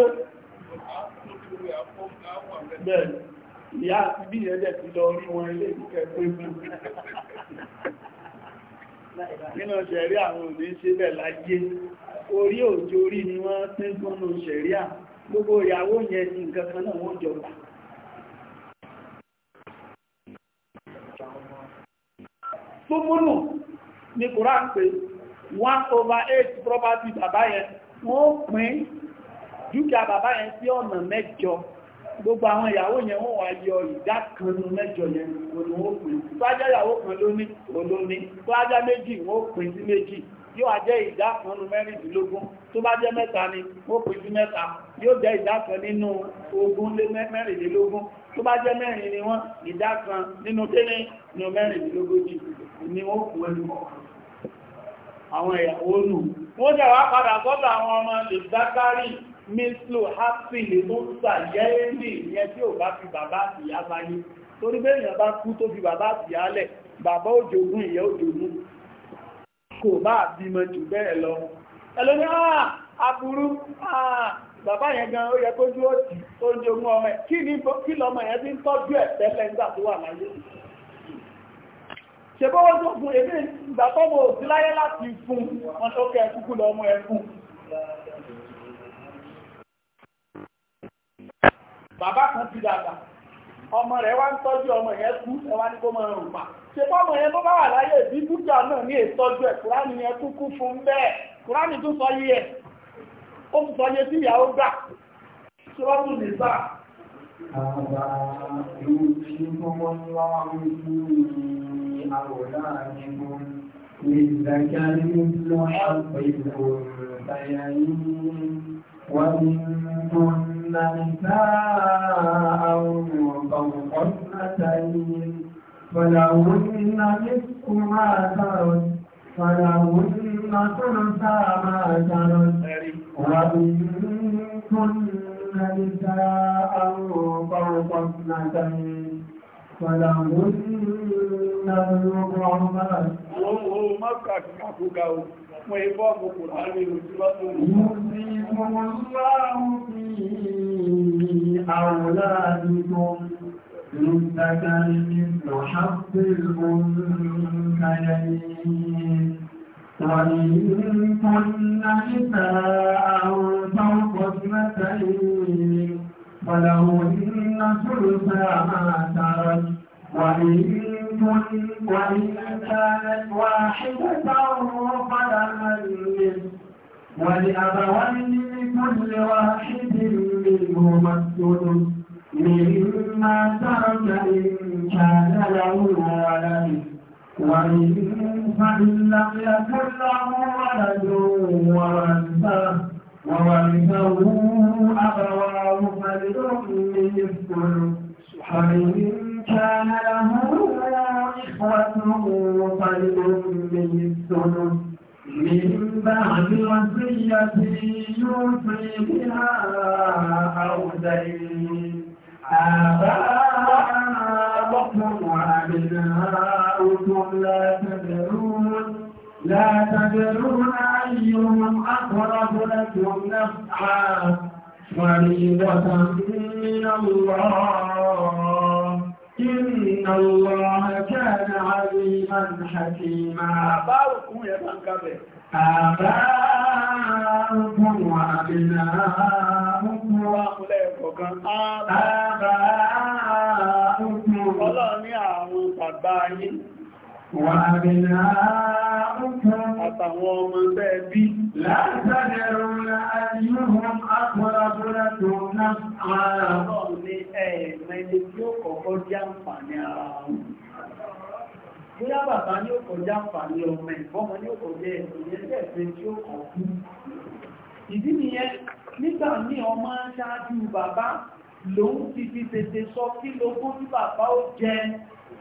nínú ṣẹ̀rí àwọn òní ṣe bẹ̀ láyé orí òjò orí ni wọ́n ṣẹ̀rí àwọn gbogbo ìyàwó yẹn ní nǹkan náà wọ́n jọ gbà súnmúnù ní kùrán pé 1 over 8 property bàbá yẹn wọ́n pín dúkìá bàbá yẹn sí ọ̀nà mẹ́jọ gbogbo àwọn ìyàwó yẹn wọ́n wà yọ ìdá kan nínú mẹ́jọ yẹn olówó pín tó ìyàwó kan lóní olóní tó méjì wọ́n pín sí méjì yóò jẹ́ ìdá kan nínú mẹ́rìndínlógún tó bá jẹ́ mẹ́ta ni wọ́n pè sí mẹ́ta yóò jẹ́ ìdá kan nínú ogún lé mẹ́rìndínlógún tó bá jẹ́ mẹ́rin ni wọ́n ìdá kan nínú tẹ́lẹ̀ nínú mẹ́rìndínlógójì ni wọ́n kú ẹnu àwọn ìyàwó nù wọ́n jẹ́ wá padà sọ́dọ̀ àwọn ọmọ lè dákárì mislo hapsili tó sàyẹ́ èdè ìyẹn tí ò bá fi bàbá àtìyá sáyé torí bẹ́ẹ̀ èèyàn bá kú tó fi bàbá àtìyá lẹ̀ bàbá òjògùn ìyẹ́ òjògùn kò bá bímọ jù bẹ́ẹ̀ lọ ẹlòmí àà ah, aburú àà ah, bàbá yẹn gan ó yẹ kó dúró tì ó ń jogún ọmọ ẹ̀ kí ni kí lọmọ yẹn ti ń tọ́jú ẹ̀ tẹ́lẹ̀ nígbà tó wà láyé ṣebọ́wọ́ tó fún ebí ìgbà tọ́bọ̀ sí láyé láti fún wọn tó kẹ́ kúkú lọ mọ́ ẹkùn bàbá kan ti dàgbà ọmọ rẹ̀ wá ń tọ́jú ọmọ yẹn kú ẹwà ní kó mọ́ ẹrùn pàá ṣe fọ́mọ yẹn tó bá wà láyé bí dúkìá náà ní ìtọ́jú ẹ̀ kúránì yẹn kúkú fún bẹ́ẹ̀ kúránì tó sọ yí ẹ̀ ó fi sọ yẹ sí ìyàwó gbà tí wọ́n tún lè gbà. Àbá ìlú tí wọ́n wá ń kú ní àwòrán àjẹmọ́ للذكر مثل حظ الأنثيين وإن كن نساء فوق اثنتين ولهن نصف ما ترك ولهن ثلثا ما ترك وإن كن نساء فوق اثنتين ولهن الربع ما ترك Wọ́n ibọ́ gbogbo láàrin òṣìlọ́pọ̀ òun. Mo ti mọ̀ láàrùn sí àwòrán àdúgbò. للذكر مثل حظ الأنثيين وإن كن نساء فوق اثنتين فلهن ثلثا ما ترك وإن كن وإن كانت واحدة فلها النصف ولأبوين لكل واحد منهما الثلث مما ترك إن كان له ولد وإن فإن لم يكن له ولد وورثه وورثه أبواه فلأمه الثلث فإن كان له إخوة فلأمه الثلث من بعد وصية يوصي بها أو دين لا تدرون لا أيهم أقرب لكم نفعا فريدة من الله Inna Allah kana aliman hakima. Àbárùkún yẹ bá ń kábẹ̀. Àbárùkún wà bínà ọkùn wà múlẹ̀ ẹ̀kọ̀kan. Àbárùkún. Ọlọ́run ní àwọn bàbá yìí. Àtàwọn ọmọ bẹ́ẹ̀ bí. Látàdẹ̀rù láàáyúhùn àpọ̀lábọ́lá tó náà ara náà ní ẹ̀ẹ̀mẹ́ ilé tí ó kọ̀kọ́ jẹ́ àǹfààní ara wọn. Bóyá bàbá ní ó kọjá àǹfààní ọmọ ìfọ́mọ ní ó kọjá ẹ̀sìn tí ó kọ̀ kú. Ìdí nìyẹn, nígbà ní ọmọ ṣáájú bàbá lòun ti fi tètè sọ kí lógún tí bàbá ó jẹ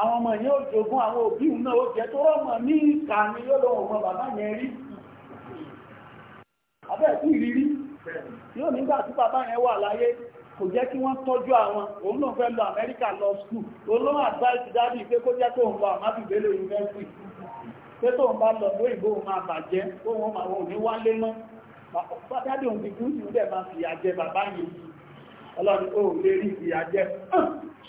àwọn ọmọ yẹn ó jogún àwọn òbí náà ó jẹ́ tó rọ́mọ̀ ní ìkà ní lọ́lọ́wọ́ ọmọ bàbá yẹn rí abẹ́ sí ìrírí yóò nígbà tí bàbá yẹn wà láyé kò jẹ́ kí wọ́n tọ́jú àwọn òun náà fẹ́ lọ Amẹ́ríkà lọ skúl olóhùn advice dábì pé kó jẹ́ tó ń bọ àmábìbélé university pé tó ń bá lọ lóyìnbó máa bàjẹ́ tó wọ́n máa wọ́n ní wálé mọ́ pátádé òun ti kú sí ń bẹ̀ máa fìyà jẹ bàbá yìí ọlọ́run ó lè rí ìyà jẹ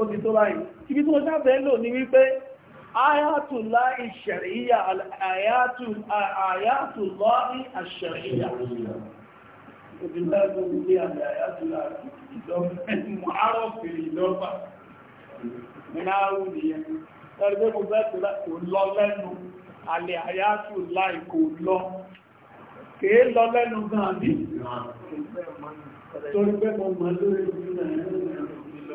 ó ti tó báyìí ibi tí mo sáfẹ́ lò ní wípé ayatullah ìṣẹ̀ríyà ayatullah ìṣẹ̀ríyà òdìlẹ́gbẹ̀rún ní àmì ayatullah ìdọ́fẹ́ Ìnáwó nìyẹn. Ẹgbẹ́ mo bẹ́ẹ̀ tó láti lọ lẹ́nu, àlè àyátù láì kò lọ. Kèé lọ lẹ́nu gan-an bí? Torí pé mo mọ̀ lórí ìlú Nàìjíríà.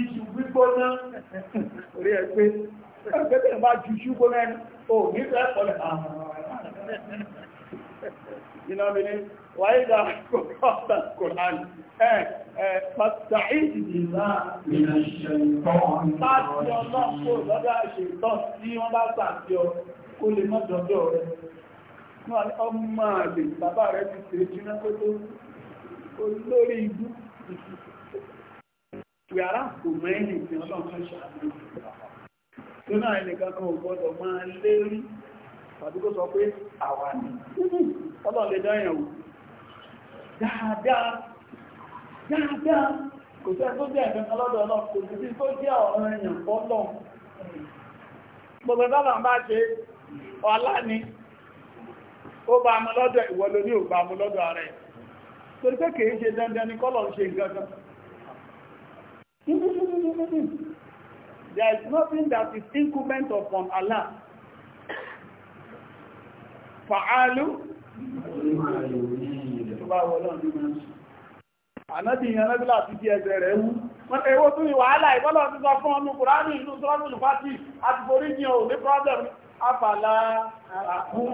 Iṣu gbígbóná orí ẹgbẹ́, ẹgbẹ́ bá ọmọ àlè bàbá rẹ̀ ti tẹ̀ jìnà kó tó olórí ibú yàrá kò mẹ́rin ìpín ọlọ́run ṣàánú tó náà ẹnìkan kan ò máa lérí tàbí kó sọ pé àwà ní ọlọ́run lè dáyàn wò dáadáa kò sẹ́ tó jẹ́ ẹ̀kan lọ́dọ̀ ọlọ́run kò sí ó bá mú lọ́dọ̀ ò bá mú lọ́dọ̀ kìí ṣe kọ́lọ̀ ṣe There is nothing that is incumbent upon Allah. Fa'alu. Ànábì ìyànlẹ́bílà ti di ẹgbẹ̀ rẹ̀ mú. Ewó tún ni wàhálà ìbọ́lọ̀ ti sọ fún ọmọ Kùránì ìlú Sọ́rọ̀lù Fátì àti Foríjì ò ní problem. Àfàlà àkún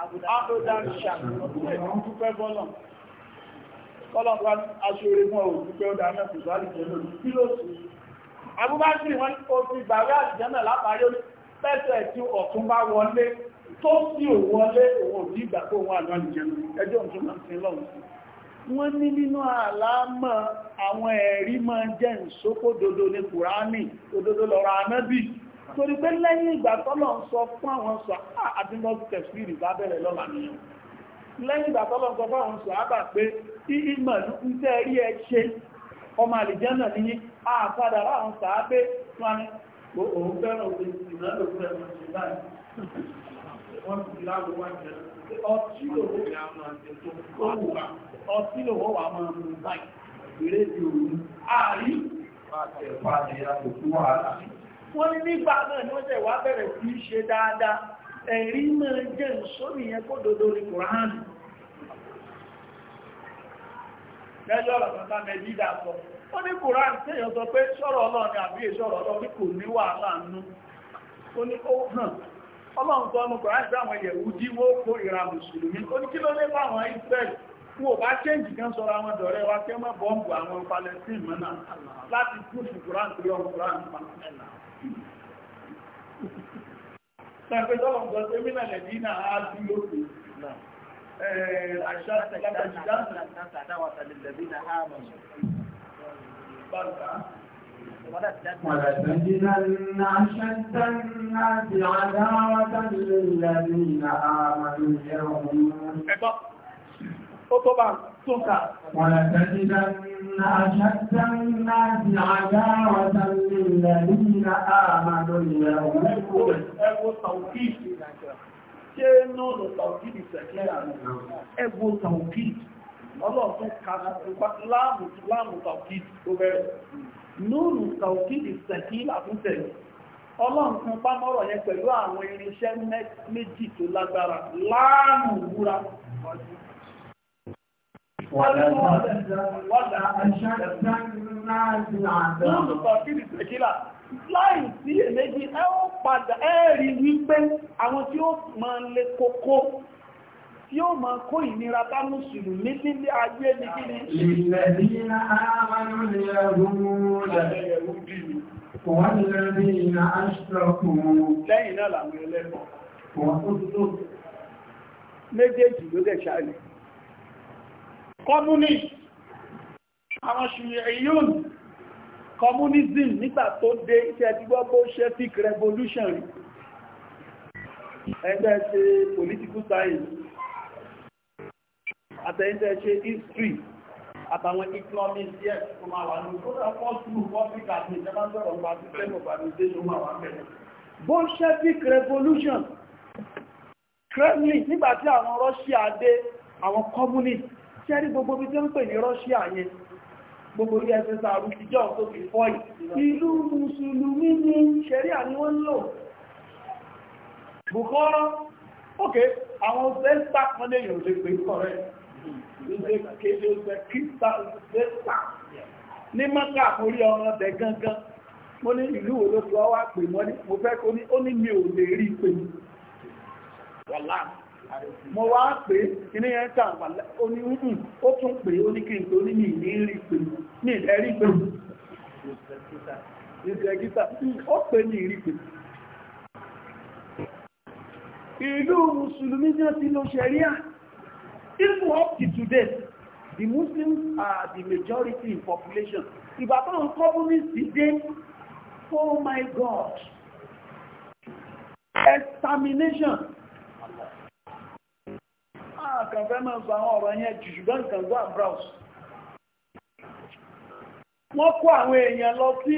àbúdá ṣàkùn. Ó kọ́lọ̀pàá aṣòrè mọ́ òjúgbé ọdá náà kò sáré jẹ́lò kí ló sí abúbáṣì wọn ó fi gbàgbé àjẹ́mẹ̀ lápáyé pẹ́sẹ̀ tí ọ̀tún bá wọlé tó sí ò wọlé òun òdí ìgbà tó wọn àná ìjẹun ẹjọ́ tó máa fi lọ́wọ́ sí wọ́n ní nínú àlámọ̀ àwọn ẹ̀rí máa jẹ́ ìṣókòdodo ní kùránì òdodo lọ́rọ̀ anábì torí pé lẹ́yìn ìgbà tọ́lọ̀ ń sọ fún àwọn sọ àti ah, mọ́sí tẹ̀síìrì bá bẹ̀rẹ̀ lọ́la nìyẹn lẹ́yìn ìgbà tọ́lọ̀ sọ fáwọn sọ̀hábà pé tí ìmọ̀ lúkún tẹ́ rí ẹ ṣe ọmọ àlìjẹ́nà ní àpàdà láwọn sàábé wọn ni òun fẹ́ràn òun ìrìnlẹ̀ òun fẹ́ràn òun ìrìnlẹ̀ wọ́n ti láwọn wá jẹ́ ọtí lòwọ́ wà máa mú báyìí ìrèdì òun ààrí pàtẹ̀pàtẹ̀ àtòkú wà láàrín wọ́n ní nígbà náà ni wọ́n tẹ̀ wá bẹ̀rẹ̀ sí ṣe dáadáa ẹ̀rí máa jẹ́ ìṣórí yẹn kó dodo ní kùránì lẹ́jọ́ ọ̀rọ̀ tọ́ta mẹ́jìdà sọ ó ní kùránì tẹ́yàn sọ pé sọrọ ọlọ́run àbí ìṣọ̀rọ̀ kò ní wàhálà nú ó ní ó hàn ọlọ́run sọ ọmọ kùránì sí àwọn kó ìra mùsùlùmí wọn Ṣàpẹ́ tọ́lọ̀ sọ pé mínà lè bí náà á sí lókè. Àṣà ìgbàgbà jìdá. Bàbá. ولتجدن أشد الناس عداوة للذين آمنوا يوم ó tó bá tún ká. Wọ́n tẹ́jú dáná àṣàtà náà àjáwà tàbí ilẹ̀ nílá àmàdó ilẹ̀ òun. Ẹgbó tàùkì ṣe nóòlò tàùkì ìṣẹ̀kẹ́ àmì. Ẹgbó tàùkì ọlọ́ọ̀tún ká láàmù tàùkì tó bẹ̀rẹ̀. Nóòlò tàùkì ìṣẹ̀kẹ́ ọlọ́run kan pámọ́rọ̀ yẹn pẹ̀lú àwọn irinṣẹ́ méjì tó lágbára láàmù wúra Láì sí èméjì ẹ ó padà ẹ́ẹ̀rí wípé àwọn tí ó máa lè kókó tí ó máa kó ìnira bá mùsùlùmí nílé ayé ní kí ni. Ìlẹ̀ ní àáránú ni ẹgbùn rẹ̀. Lẹ́yìn náà làwọn ẹlẹ́kọ̀ọ́. Wọ́n kọmúnì àwọn ṣùgbẹ̀yún communism nígbà tó dé iṣẹ́ ẹgbẹ́ bolshevik revolution rí ẹgbẹ́ ṣe political science àtẹ́yìntẹ́ ṣe history àtàwọn economics yes tó máa wà ní kódà first group public àti ìjọba sọ̀rọ̀ nípa system of administration máa wà bẹ̀rẹ̀ bolshevik revolution kremlin nígbà tí àwọn russia dé àwọn communist ṣẹ́rí gbogbo bí tí ó ń pè ní Russia yẹn gbogbo USSR ìjọ tó fi fọ́ ìlú mùsùlùmí ní ṣẹ̀ríà ni wọ́n lò bùkọ́rọ́ ókè àwọn zesta wọ́n lè yọ̀ lè pè kọ̀rẹ́ ní mọ́ká orí ọmọ ọ̀dẹ̀ gangan mo ní ìlú wo ló fi ọwá pè mọ́ ní mo fẹ́ kó ní ó ní mi ò mo wá pé kíní yẹn tà wà oníhùn ó tún pé ó ní kí n tó ní ní ìrí pé ní ìrẹ́rí pé ìgbẹ̀gítà ó pé ní ìrí pé ìlú mùsùlùmí náà ti lo ṣẹ̀ríà even up to today the muslims are the majority in population ìbátan communist dìde oh my god extermination àkàn fẹ́ máa sọ àwọn ọ̀rọ̀ yẹn jù ṣùgbọ́n nǹkan gbọ́ àbúráùs wọ́n kó àwọn èèyàn lọ sí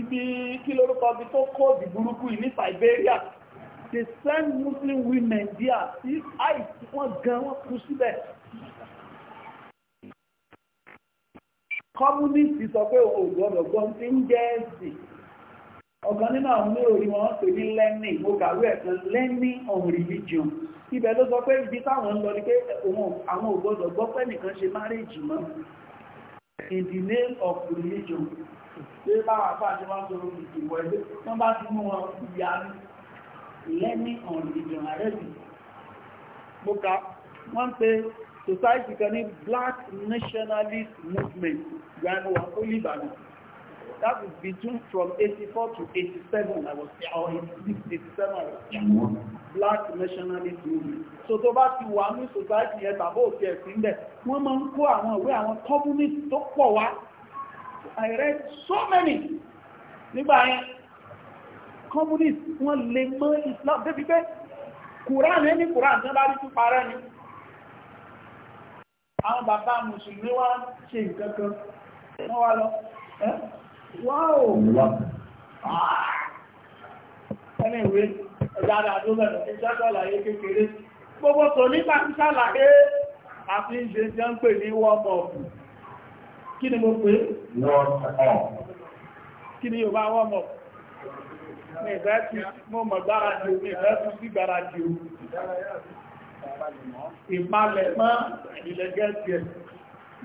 ibi kí lórúkọ bí tó kó òdì burúkú yìí ní Siberia they send Muslim women there sí àìsí wọ́n gan wọ́n kú síbẹ̀ communist sọ pé ògbọ́dọ̀ gbọ́n ti ń jẹ́ ẹ̀sìn ọ̀kan nínú àwọn orí wọn pè ní learning mo kàwé ẹ̀kan learning on religion ibẹ̀ ló sọ pé ibi táwọn ń lọ ní pé àwọn ò gbọ́dọ̀ gbọ́ pé nìkan ṣe márèjì mọ́ in the name of religion pé báwọn àpá àti wọn sọ̀rọ̀ ìdìbò ẹgbẹ́ wọ́n bá ti mú wọn ìyá lẹ́ní on religion arẹ́bì mo ka wọ́n pe society kan ní black nationalist movement gbanu wa ó lìbàdàn that is between from 84 to 87 I was there, or 86, 87 I was there. Mm-hmm. Black nationalist movement. So tó bá ti wà ní society yẹn tàbí òfin ẹ̀sìn bẹ̀, wọ́n máa ń kó àwọn ìwé àwọn communist tó pọ̀ wá. I read so many nígbà yẹn. Communist wọ́n lè mọ́ Islam débi pé Kùránì ẹni Kùránì tí wọ́n bá rí tún parẹ́ ni. Àwọn bàbá Mùsùlùmí wá ṣe nǹkan kan, wọ́n wá lọ. Ah. Gbogbo tò nípa ń ṣàlàyé àti ìṣe tí ó ń pè ní warm up. Kí ni mo pè? Kí ni yóò bá warm up? Ní ìfẹ́ tí mo mọ̀ gbára jù, ní ìfẹ́ tí sí gbára jù. Ìpalẹ̀mọ́ ìlẹ̀gẹ́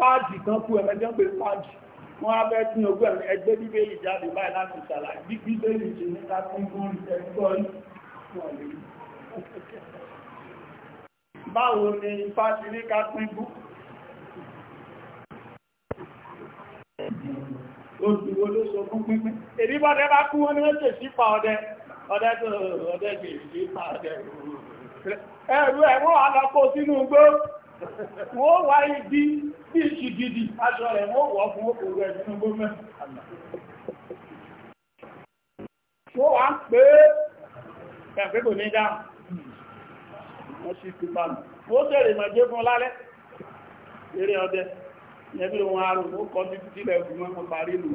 páàdì kan kú ẹ̀mẹ́jọ́ pé páàdì wọ́n á bẹ́ tí ogún ẹgbẹ́ bíbélì jáde báyìí láti ṣàlàyé bí bíbélì ṣe ní káàkiri fún ẹgbọ́ báwo ni ipá ti ní káàkiri fún olùwò ló sọ fún pínpín èdè bọ́dẹ bá kú wọn ni wọ́n tẹ̀ sípa ọdẹ ọdẹ tó ọdẹ gbèrè sípa ọdẹ ẹ̀rù ẹ̀wọ́ àlọ́kọ́ sínú gbó wọ́n wá ibi bí ìṣì gidi aṣọ rẹ̀ wọ́n wọ́ fún òkúrò ẹ̀ nínú gómẹ̀ wọ́n wá ń pé ẹ̀fẹ́ kò ní dáhùn wọ́n sì ti bá mi ó tẹ̀rẹ̀ ìmọ̀jẹ́ fún lálẹ́ eré ọdẹ ẹbí wọn arùn ó kọ́ títí tílẹ̀ ògùn mọ́ parí lù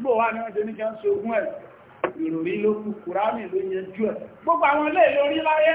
gbò wá ní wọ́n ṣe ní kí wọ́n ṣe ogún ẹ̀ ìròrí ló kùránì ló yẹjú ẹ̀ gbogbo àwọn ilé ìlórí láyé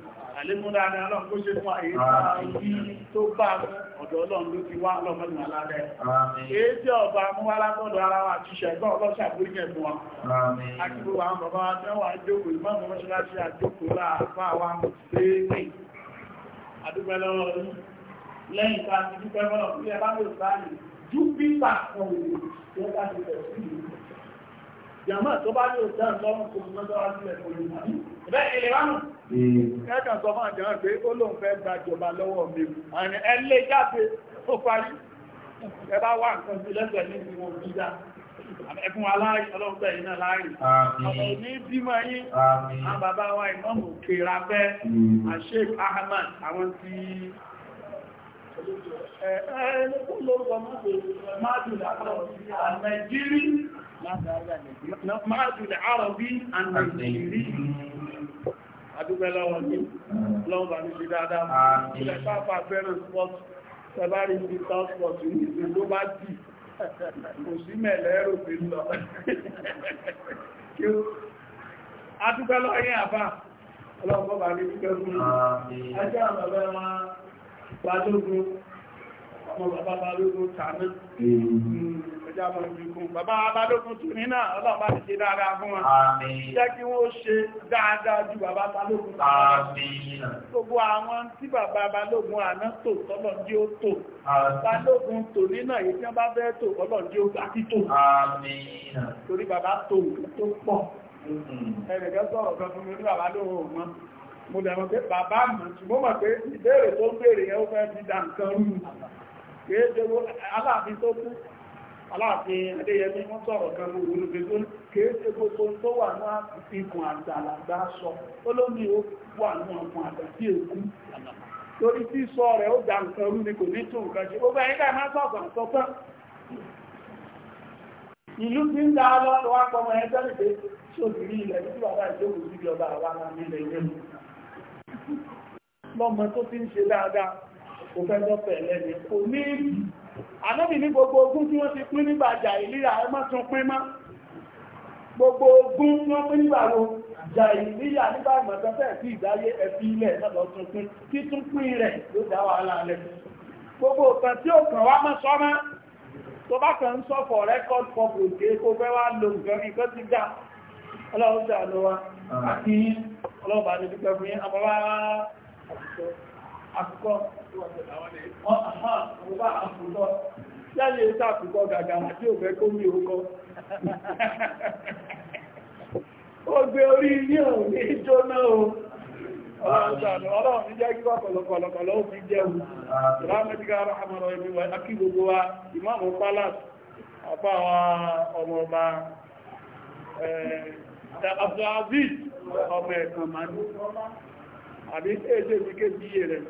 àlékún dáadáa lọ kó ṣe fún àyè tó bá ọ̀dọ̀ ọlọ́run ló ti wá ọlọ́mọdé aládẹ́ èyí tí ọba amúwálá tọ́dọ̀ ara wa ti ṣẹ̀gbọ́n ọlọ́ṣà bóyí ẹ̀fún wa àti gbogbo àwọn bàbá wa tẹ́wà jókòó ìmọ̀mọ̀ mọ́ṣáláṣí àjókòó láàfà wa léèrè àdúgbẹ́ lọ́wọ́ lẹ́yìn tá a ti dúpẹ́ mọ́nà sí ẹ bá lè sáàyè ju pípa kan òwò tí bá ti bẹ̀ sí ìlú jàmọ́ tó bá lè sáà lọ́rùn kò mọ́ṣáláṣí ẹ̀kọ́ Eh. Ẹ̀kà sọ máa jẹ́ pé ó lóun fẹ́ gba ìjọba lọ́wọ́ mi. Àrin ẹlé jáde ó parí. Ẹ bá wà nǹkan sí lẹ́sẹ̀ ní ìwò gíga. Ẹkùn aláàrí ọlọ́pẹ́ iná láàrí. Ọmọ ìní bímọ yín, àwọn bàbá wa ìmọ́mù kèrà fẹ́, hmm. Sheikh Ahmad, àwọn tí ẹ̀ẹ́lẹ́kùnlọ́gbọ̀n máa dùn àrọ̀bí àmì ìrírí àdúgbẹ́ lọ́wọ́ ní lọ́wọ́ bá ní ṣe dáadáa ilẹ̀ pápá fẹ́ràn sport sẹbárí ní south sport ní ìlú tó bá jì kò sí mẹ́lẹ́rò pé lọ àdúgbẹ́ lọ́wọ́ yẹn àbá ọlọ́pọ̀ bá ní ṣe fún ajá àbàbẹ́ wọn ẹjá mọ̀ ìgbìkún bàbá abádógún tún ní náà ọlọ́pàá ti ṣe dáadáa fún ju bàbá balógun gbogbo àwọn tí bàbá balógun àná tò tọ́lọ̀dí ó tò balógun tò ní èyí tí wọ́n bá fẹ́ tò ọlọ́dí ó àti tò torí bàbá tò tó pọ̀ mm-hmm. ẹnìkan sọ̀rọ̀ kan fún mi ní bàbá lóhun mọ́ mo dẹ̀mọ̀ pé bàbá mọ̀ ṣùgbọ́n mọ̀ pé ìbéèrè tó ń béèrè aláàfin adéyẹmí wọ́n sọ̀rọ̀ kan ní ìlú gbogbo kéèké gbogbo tó wà ní ikùn àgbàlagbà sọ olómi ó wà ní ọkùn àgbà sí èkú torí tí sọ rẹ̀ ó dá nǹkan rú ni kò ní tún nǹkan ṣe gbogbo ẹ̀yìn káà máa sọ̀tọ̀ àtọ́tọ́ ìlú ti ń dá lọ́dọ̀ wá pọmọ ẹjọ́ nìgbé sóbìrí ilẹ̀ tí bàbá ìjókòó sí ọba àwa nílẹ̀ ilé mu lọ́mọ tó ti ń ṣe dáadáa ànábì ní gbogbo ogún tí wọ́n ti pín nígbà jà ìlíyà ẹ má tún pín mọ́ gbogbo ogún tí wọ́n pín nígbà wo jà ìlíyà nígbà ìmọ̀tọ́fẹ́ sí ìdáyé ẹ̀fí ilẹ̀ lọ́dọ̀ tún pín títún pín rẹ̀ ló dá wàhálà rẹ̀ gbogbo òkan tí ó kàn wá mọ́ sọ́mọ́ tó bá kàn ń sọ for record public kó fẹ́ wá lo nǹkan bí akụkọ ọha ọba akụkọ ya na ete akụkọ gagara dị obe komi ụkọ ogbe orí ilé ò ní o ọlọ́run jẹ́ kíkọ́ kọ̀lọ̀kọ̀lọ̀kọ̀lọ̀ ó jẹun rámẹ́tíkà ráhámọ́rọ̀ ibi wà kí wa ìmáàmù wa ọmọ ọba Abdulaziz ọmọ mani àbí rẹ̀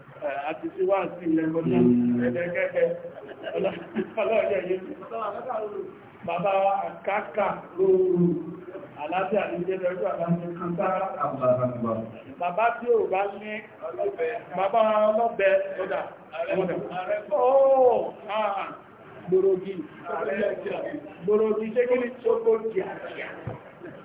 àti tí wá sí ilẹ̀ kọjá hmm. ẹ̀ẹ́dẹ́gẹ́gẹ́ ọlọ́ọ̀dẹ́ yìí bàbá àkákà lóòrù àlàáfíà ní jẹ́ lọ́jọ́ àbájẹ́ bàbá tí ó bá ní bàbá ọlọ́bẹ̀ ọdá gbòrògì gbòrògì ṣe kí ní ṣogbo jẹ́ àṣíà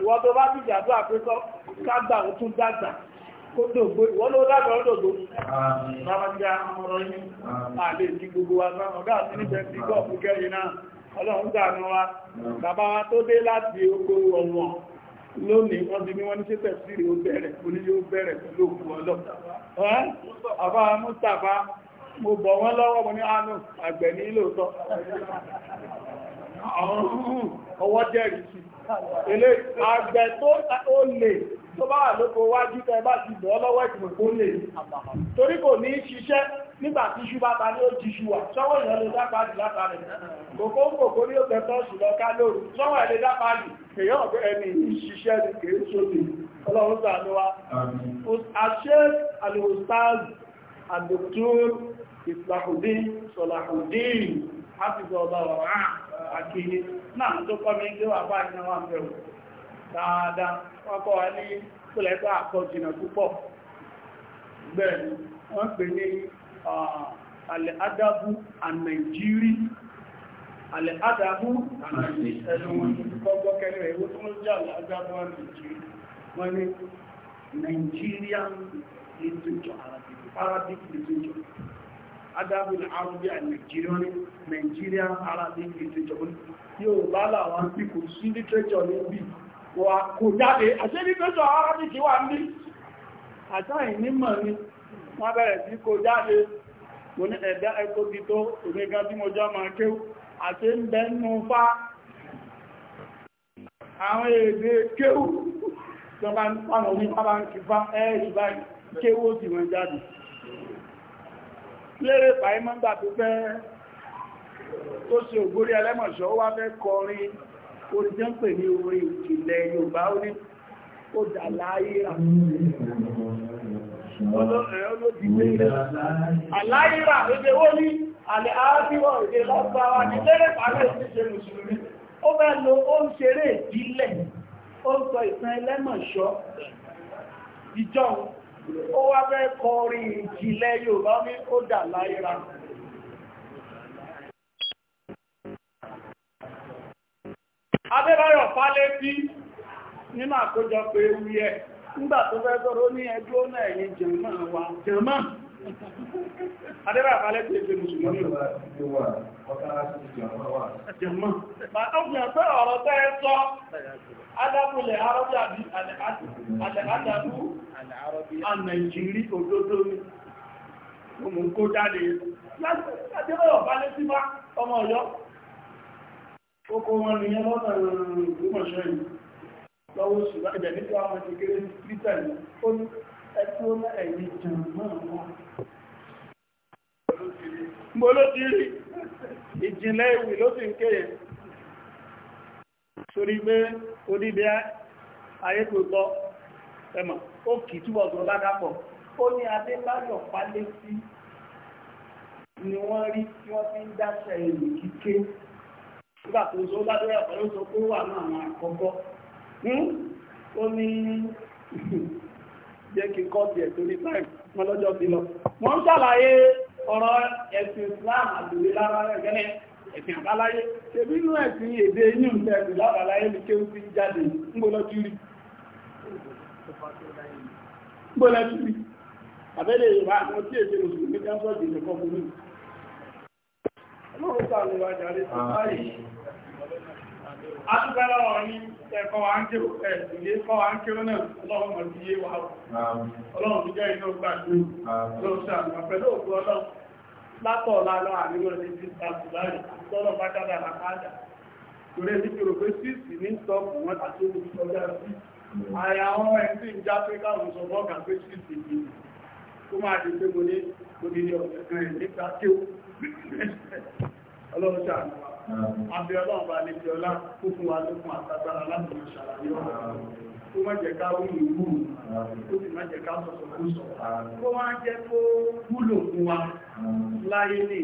ìwọ tó bá ti jàdó àpékọ́ kágbà ó tún dàgbà kó dògbò ìwọ ló dàgbà ó dògbò lábájá ọmọrọ yìí àlè ìdí gbogbo wa sáwọn ọ̀gá àti níjẹ ti gọ́ ọ̀pù kẹrin náà ọlọ́run dànù wa bàbá wa tó dé láti oko ọ̀wọ̀n lónìí wọ́n ti ní wọ́n ní ṣe mo bọ̀ wọ́n lọ́wọ́ mo ní àánú ah, àgbẹ̀ ní ìlòótọ́ ọwọ́ jẹ́rìí sí Èlé àgbẹ̀ tó lè tó bá wà lóko wájú tẹ bá ti bọ̀ lọ́wọ́ ìgbìmọ̀ tó lè torí kò ní ṣiṣẹ́ nígbà tí ṣú bá ta ní ó ti ṣú wà sọ́wọ́ ìyàn lè dápàdì látàrí kòkó ń kòkó ní òpẹ́ tó ṣù lọ ká lóru sọ́wọ́ ẹ̀ lè dápàdì èyàn ọ̀gbẹ́ ẹni ìṣiṣẹ́ ní kèé sóde ọlọ́run sàánú wa àṣẹ àlòstáàz àdòktúr àtìgbò ọba ọ̀rọ̀ àkíyí náà tó kọ́ mi gbé wà báyìí náà wà bẹ̀rù dáadáa wọ́n kọ́ wa ní pẹ̀lẹ́gbà àkọ́jìnà púpọ̀ bẹ́ẹ̀ wọ́n pè ní alẹ́adábú ànàìjírí alẹ́adábú ànàìjírí ẹnu adábùn arúgbí à nàìjíríà ní nàìjíríà ara ní ìlítẹ́jọ́ yóò bá láwọn bí kò sí lítẹ́jọ́ ní bí wà kò jáde àṣẹ lítẹ́jọ́ ara ní kí wà ní àtàì nímọ̀ ni wọ́n bẹ̀rẹ̀ sí kò jáde mo ní ẹ̀dá ẹkọ́ ti tó onígan tí mo já máa kéw àti ń bẹ nù fá àwọn èdè kéw tí wọ́n bá ń kí fá ẹ́ẹ̀ṣì báyìí kéwó sì wọ́n jáde lérè pàímọ́gbà tó fẹ́ tó ṣe ògbórí ẹlẹ́mọ̀ṣọ́ wá fẹ́ kọrin orí jẹ́ ń pè ní orí ìjìnlẹ̀ Yorùbá ó ní ó dà láyé Àláyíra èdè ó ní àlè ààbíwọ̀ èdè lọ́gbàwà ní lérè pàálẹ̀ sí ṣe Mùsùlùmí. Ó fẹ́ lo ó ń ṣeré ìdílẹ̀, ó ń sọ ìtàn ẹlẹ́mọ̀ṣọ́ ìjọ́ ó wá fẹ́ kọ orin ìjìnlẹ̀ Yorùbá ní ó dà láyéra Adébáyọ̀ Fálétí nínú àkójọpọ̀ ewì ẹ̀ nígbà tó fẹ́ sọ̀rọ̀ ní ẹjọ́ náà ẹ̀yìn jẹ̀mọ́ wa jẹ̀mọ́ adẹ́rẹ́ àbálẹ́ tí èsè mùsùlùmí jẹ̀mọ́ ma ó fi hàn pé ọ̀rọ̀ tẹ́ ẹ sọ adábùlẹ̀ arọ́bí àbí alẹ́kádàbù a nàìjírí òdodo ni ó mú kó jáde adẹ́rẹ́ àbálẹ́ tí wá ọmọ ọ̀yọ́ kókó wọn ni yẹn lọ́nà ìgbìmọ̀ṣẹ́ yìí lọ́wọ́ ṣùgbọ́n ìbẹ̀ nígbà wọn ti kéré ní títẹ̀ yìí ó ní ẹkú ẹ̀yìn jẹ̀mọ́ wọn mo ló ti rí ìjìnlẹ̀ ìwì ló sì ń kéyè sórí pé oníbẹ̀ ayé tó tọ́ ẹmọ̀ ó kì túbọ̀ tó lágápọ̀ ó ní adébáyọ̀ pálé sí ni wọ́n rí tí wọ́n fi ń dáṣẹ́ ìlú kíké nígbà tó sọ ládọ́rẹ̀ pẹ̀lú sọ pé wà ní àwọn àkọ́kọ́ hmm? ó ní jẹ́ kí kọ́ọ̀tì ẹ̀ tó ní táìmù mọ́lọ́jọ́ bí lọ wọ́n ṣàlàyé ọ̀rọ̀ ẹ̀sìn Islam àdúgbé lára gẹ́lẹ́ ẹ̀sìn àbáláyé tẹ̀bí inú ẹ̀sìn èdè yìí ń tẹ̀sìn lábàláyé ní kéwú sí jáde ńgbọ́lọ́tìrì àbẹ́lẹ̀ yorùbá àwọn tí èdè mùsùlùmí ẹ̀kọ́ wa ń kọ́ wa ń náà ọlọ́run mọ̀ sí yé wa ọlọ́run látọ̀ lálọ́ àríwọ̀ ní ti sàbùláì tọ́lọ̀ bákádà làkádà torí ní kí rògbé síìsì ní sọ fún wọn àti olùsọjá sí àyà àwọn ẹ̀sì ń já pé káwọn sọ bọ́ọ̀gà pé síìsì ní tó máa di pé mo ní odidi ọ̀sẹ̀ kan ẹ̀ nípa kí ó ọlọ́run ṣàlùwà àbí ọlọ́run bá ní fi ọlá kó fún wa lókun àtàgbára láti ṣàlàyé ọ̀rọ̀ kó má jẹ́ ká wí ìwú kó sì má jẹ́ ká sọ̀sọ̀kúsọ̀ kó má jẹ́ kó wúlò fún wa láyé ní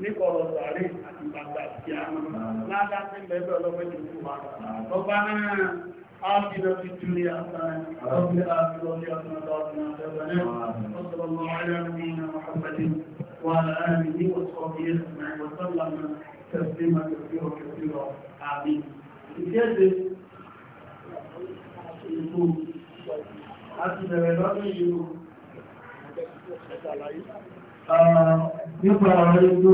níkọ̀ọ̀rọ̀ sàárè àti gbàgbà tí a mọ̀ ládá sí mẹ́bẹ̀ ọlọ́pẹ́ jù fún wa lọ́pá náà آتنا في الدنيا حسنة وفي الآخرة حسنة وقنا عذاب النار وصلى الله على نبينا محمد وعلى آله وصحبه أجمعين وسلم تسليما كثيرا كثيرا آمين ìlú láti bẹ̀rẹ̀ lọ́dún ìlú nípa ọ̀rọ̀ ìlú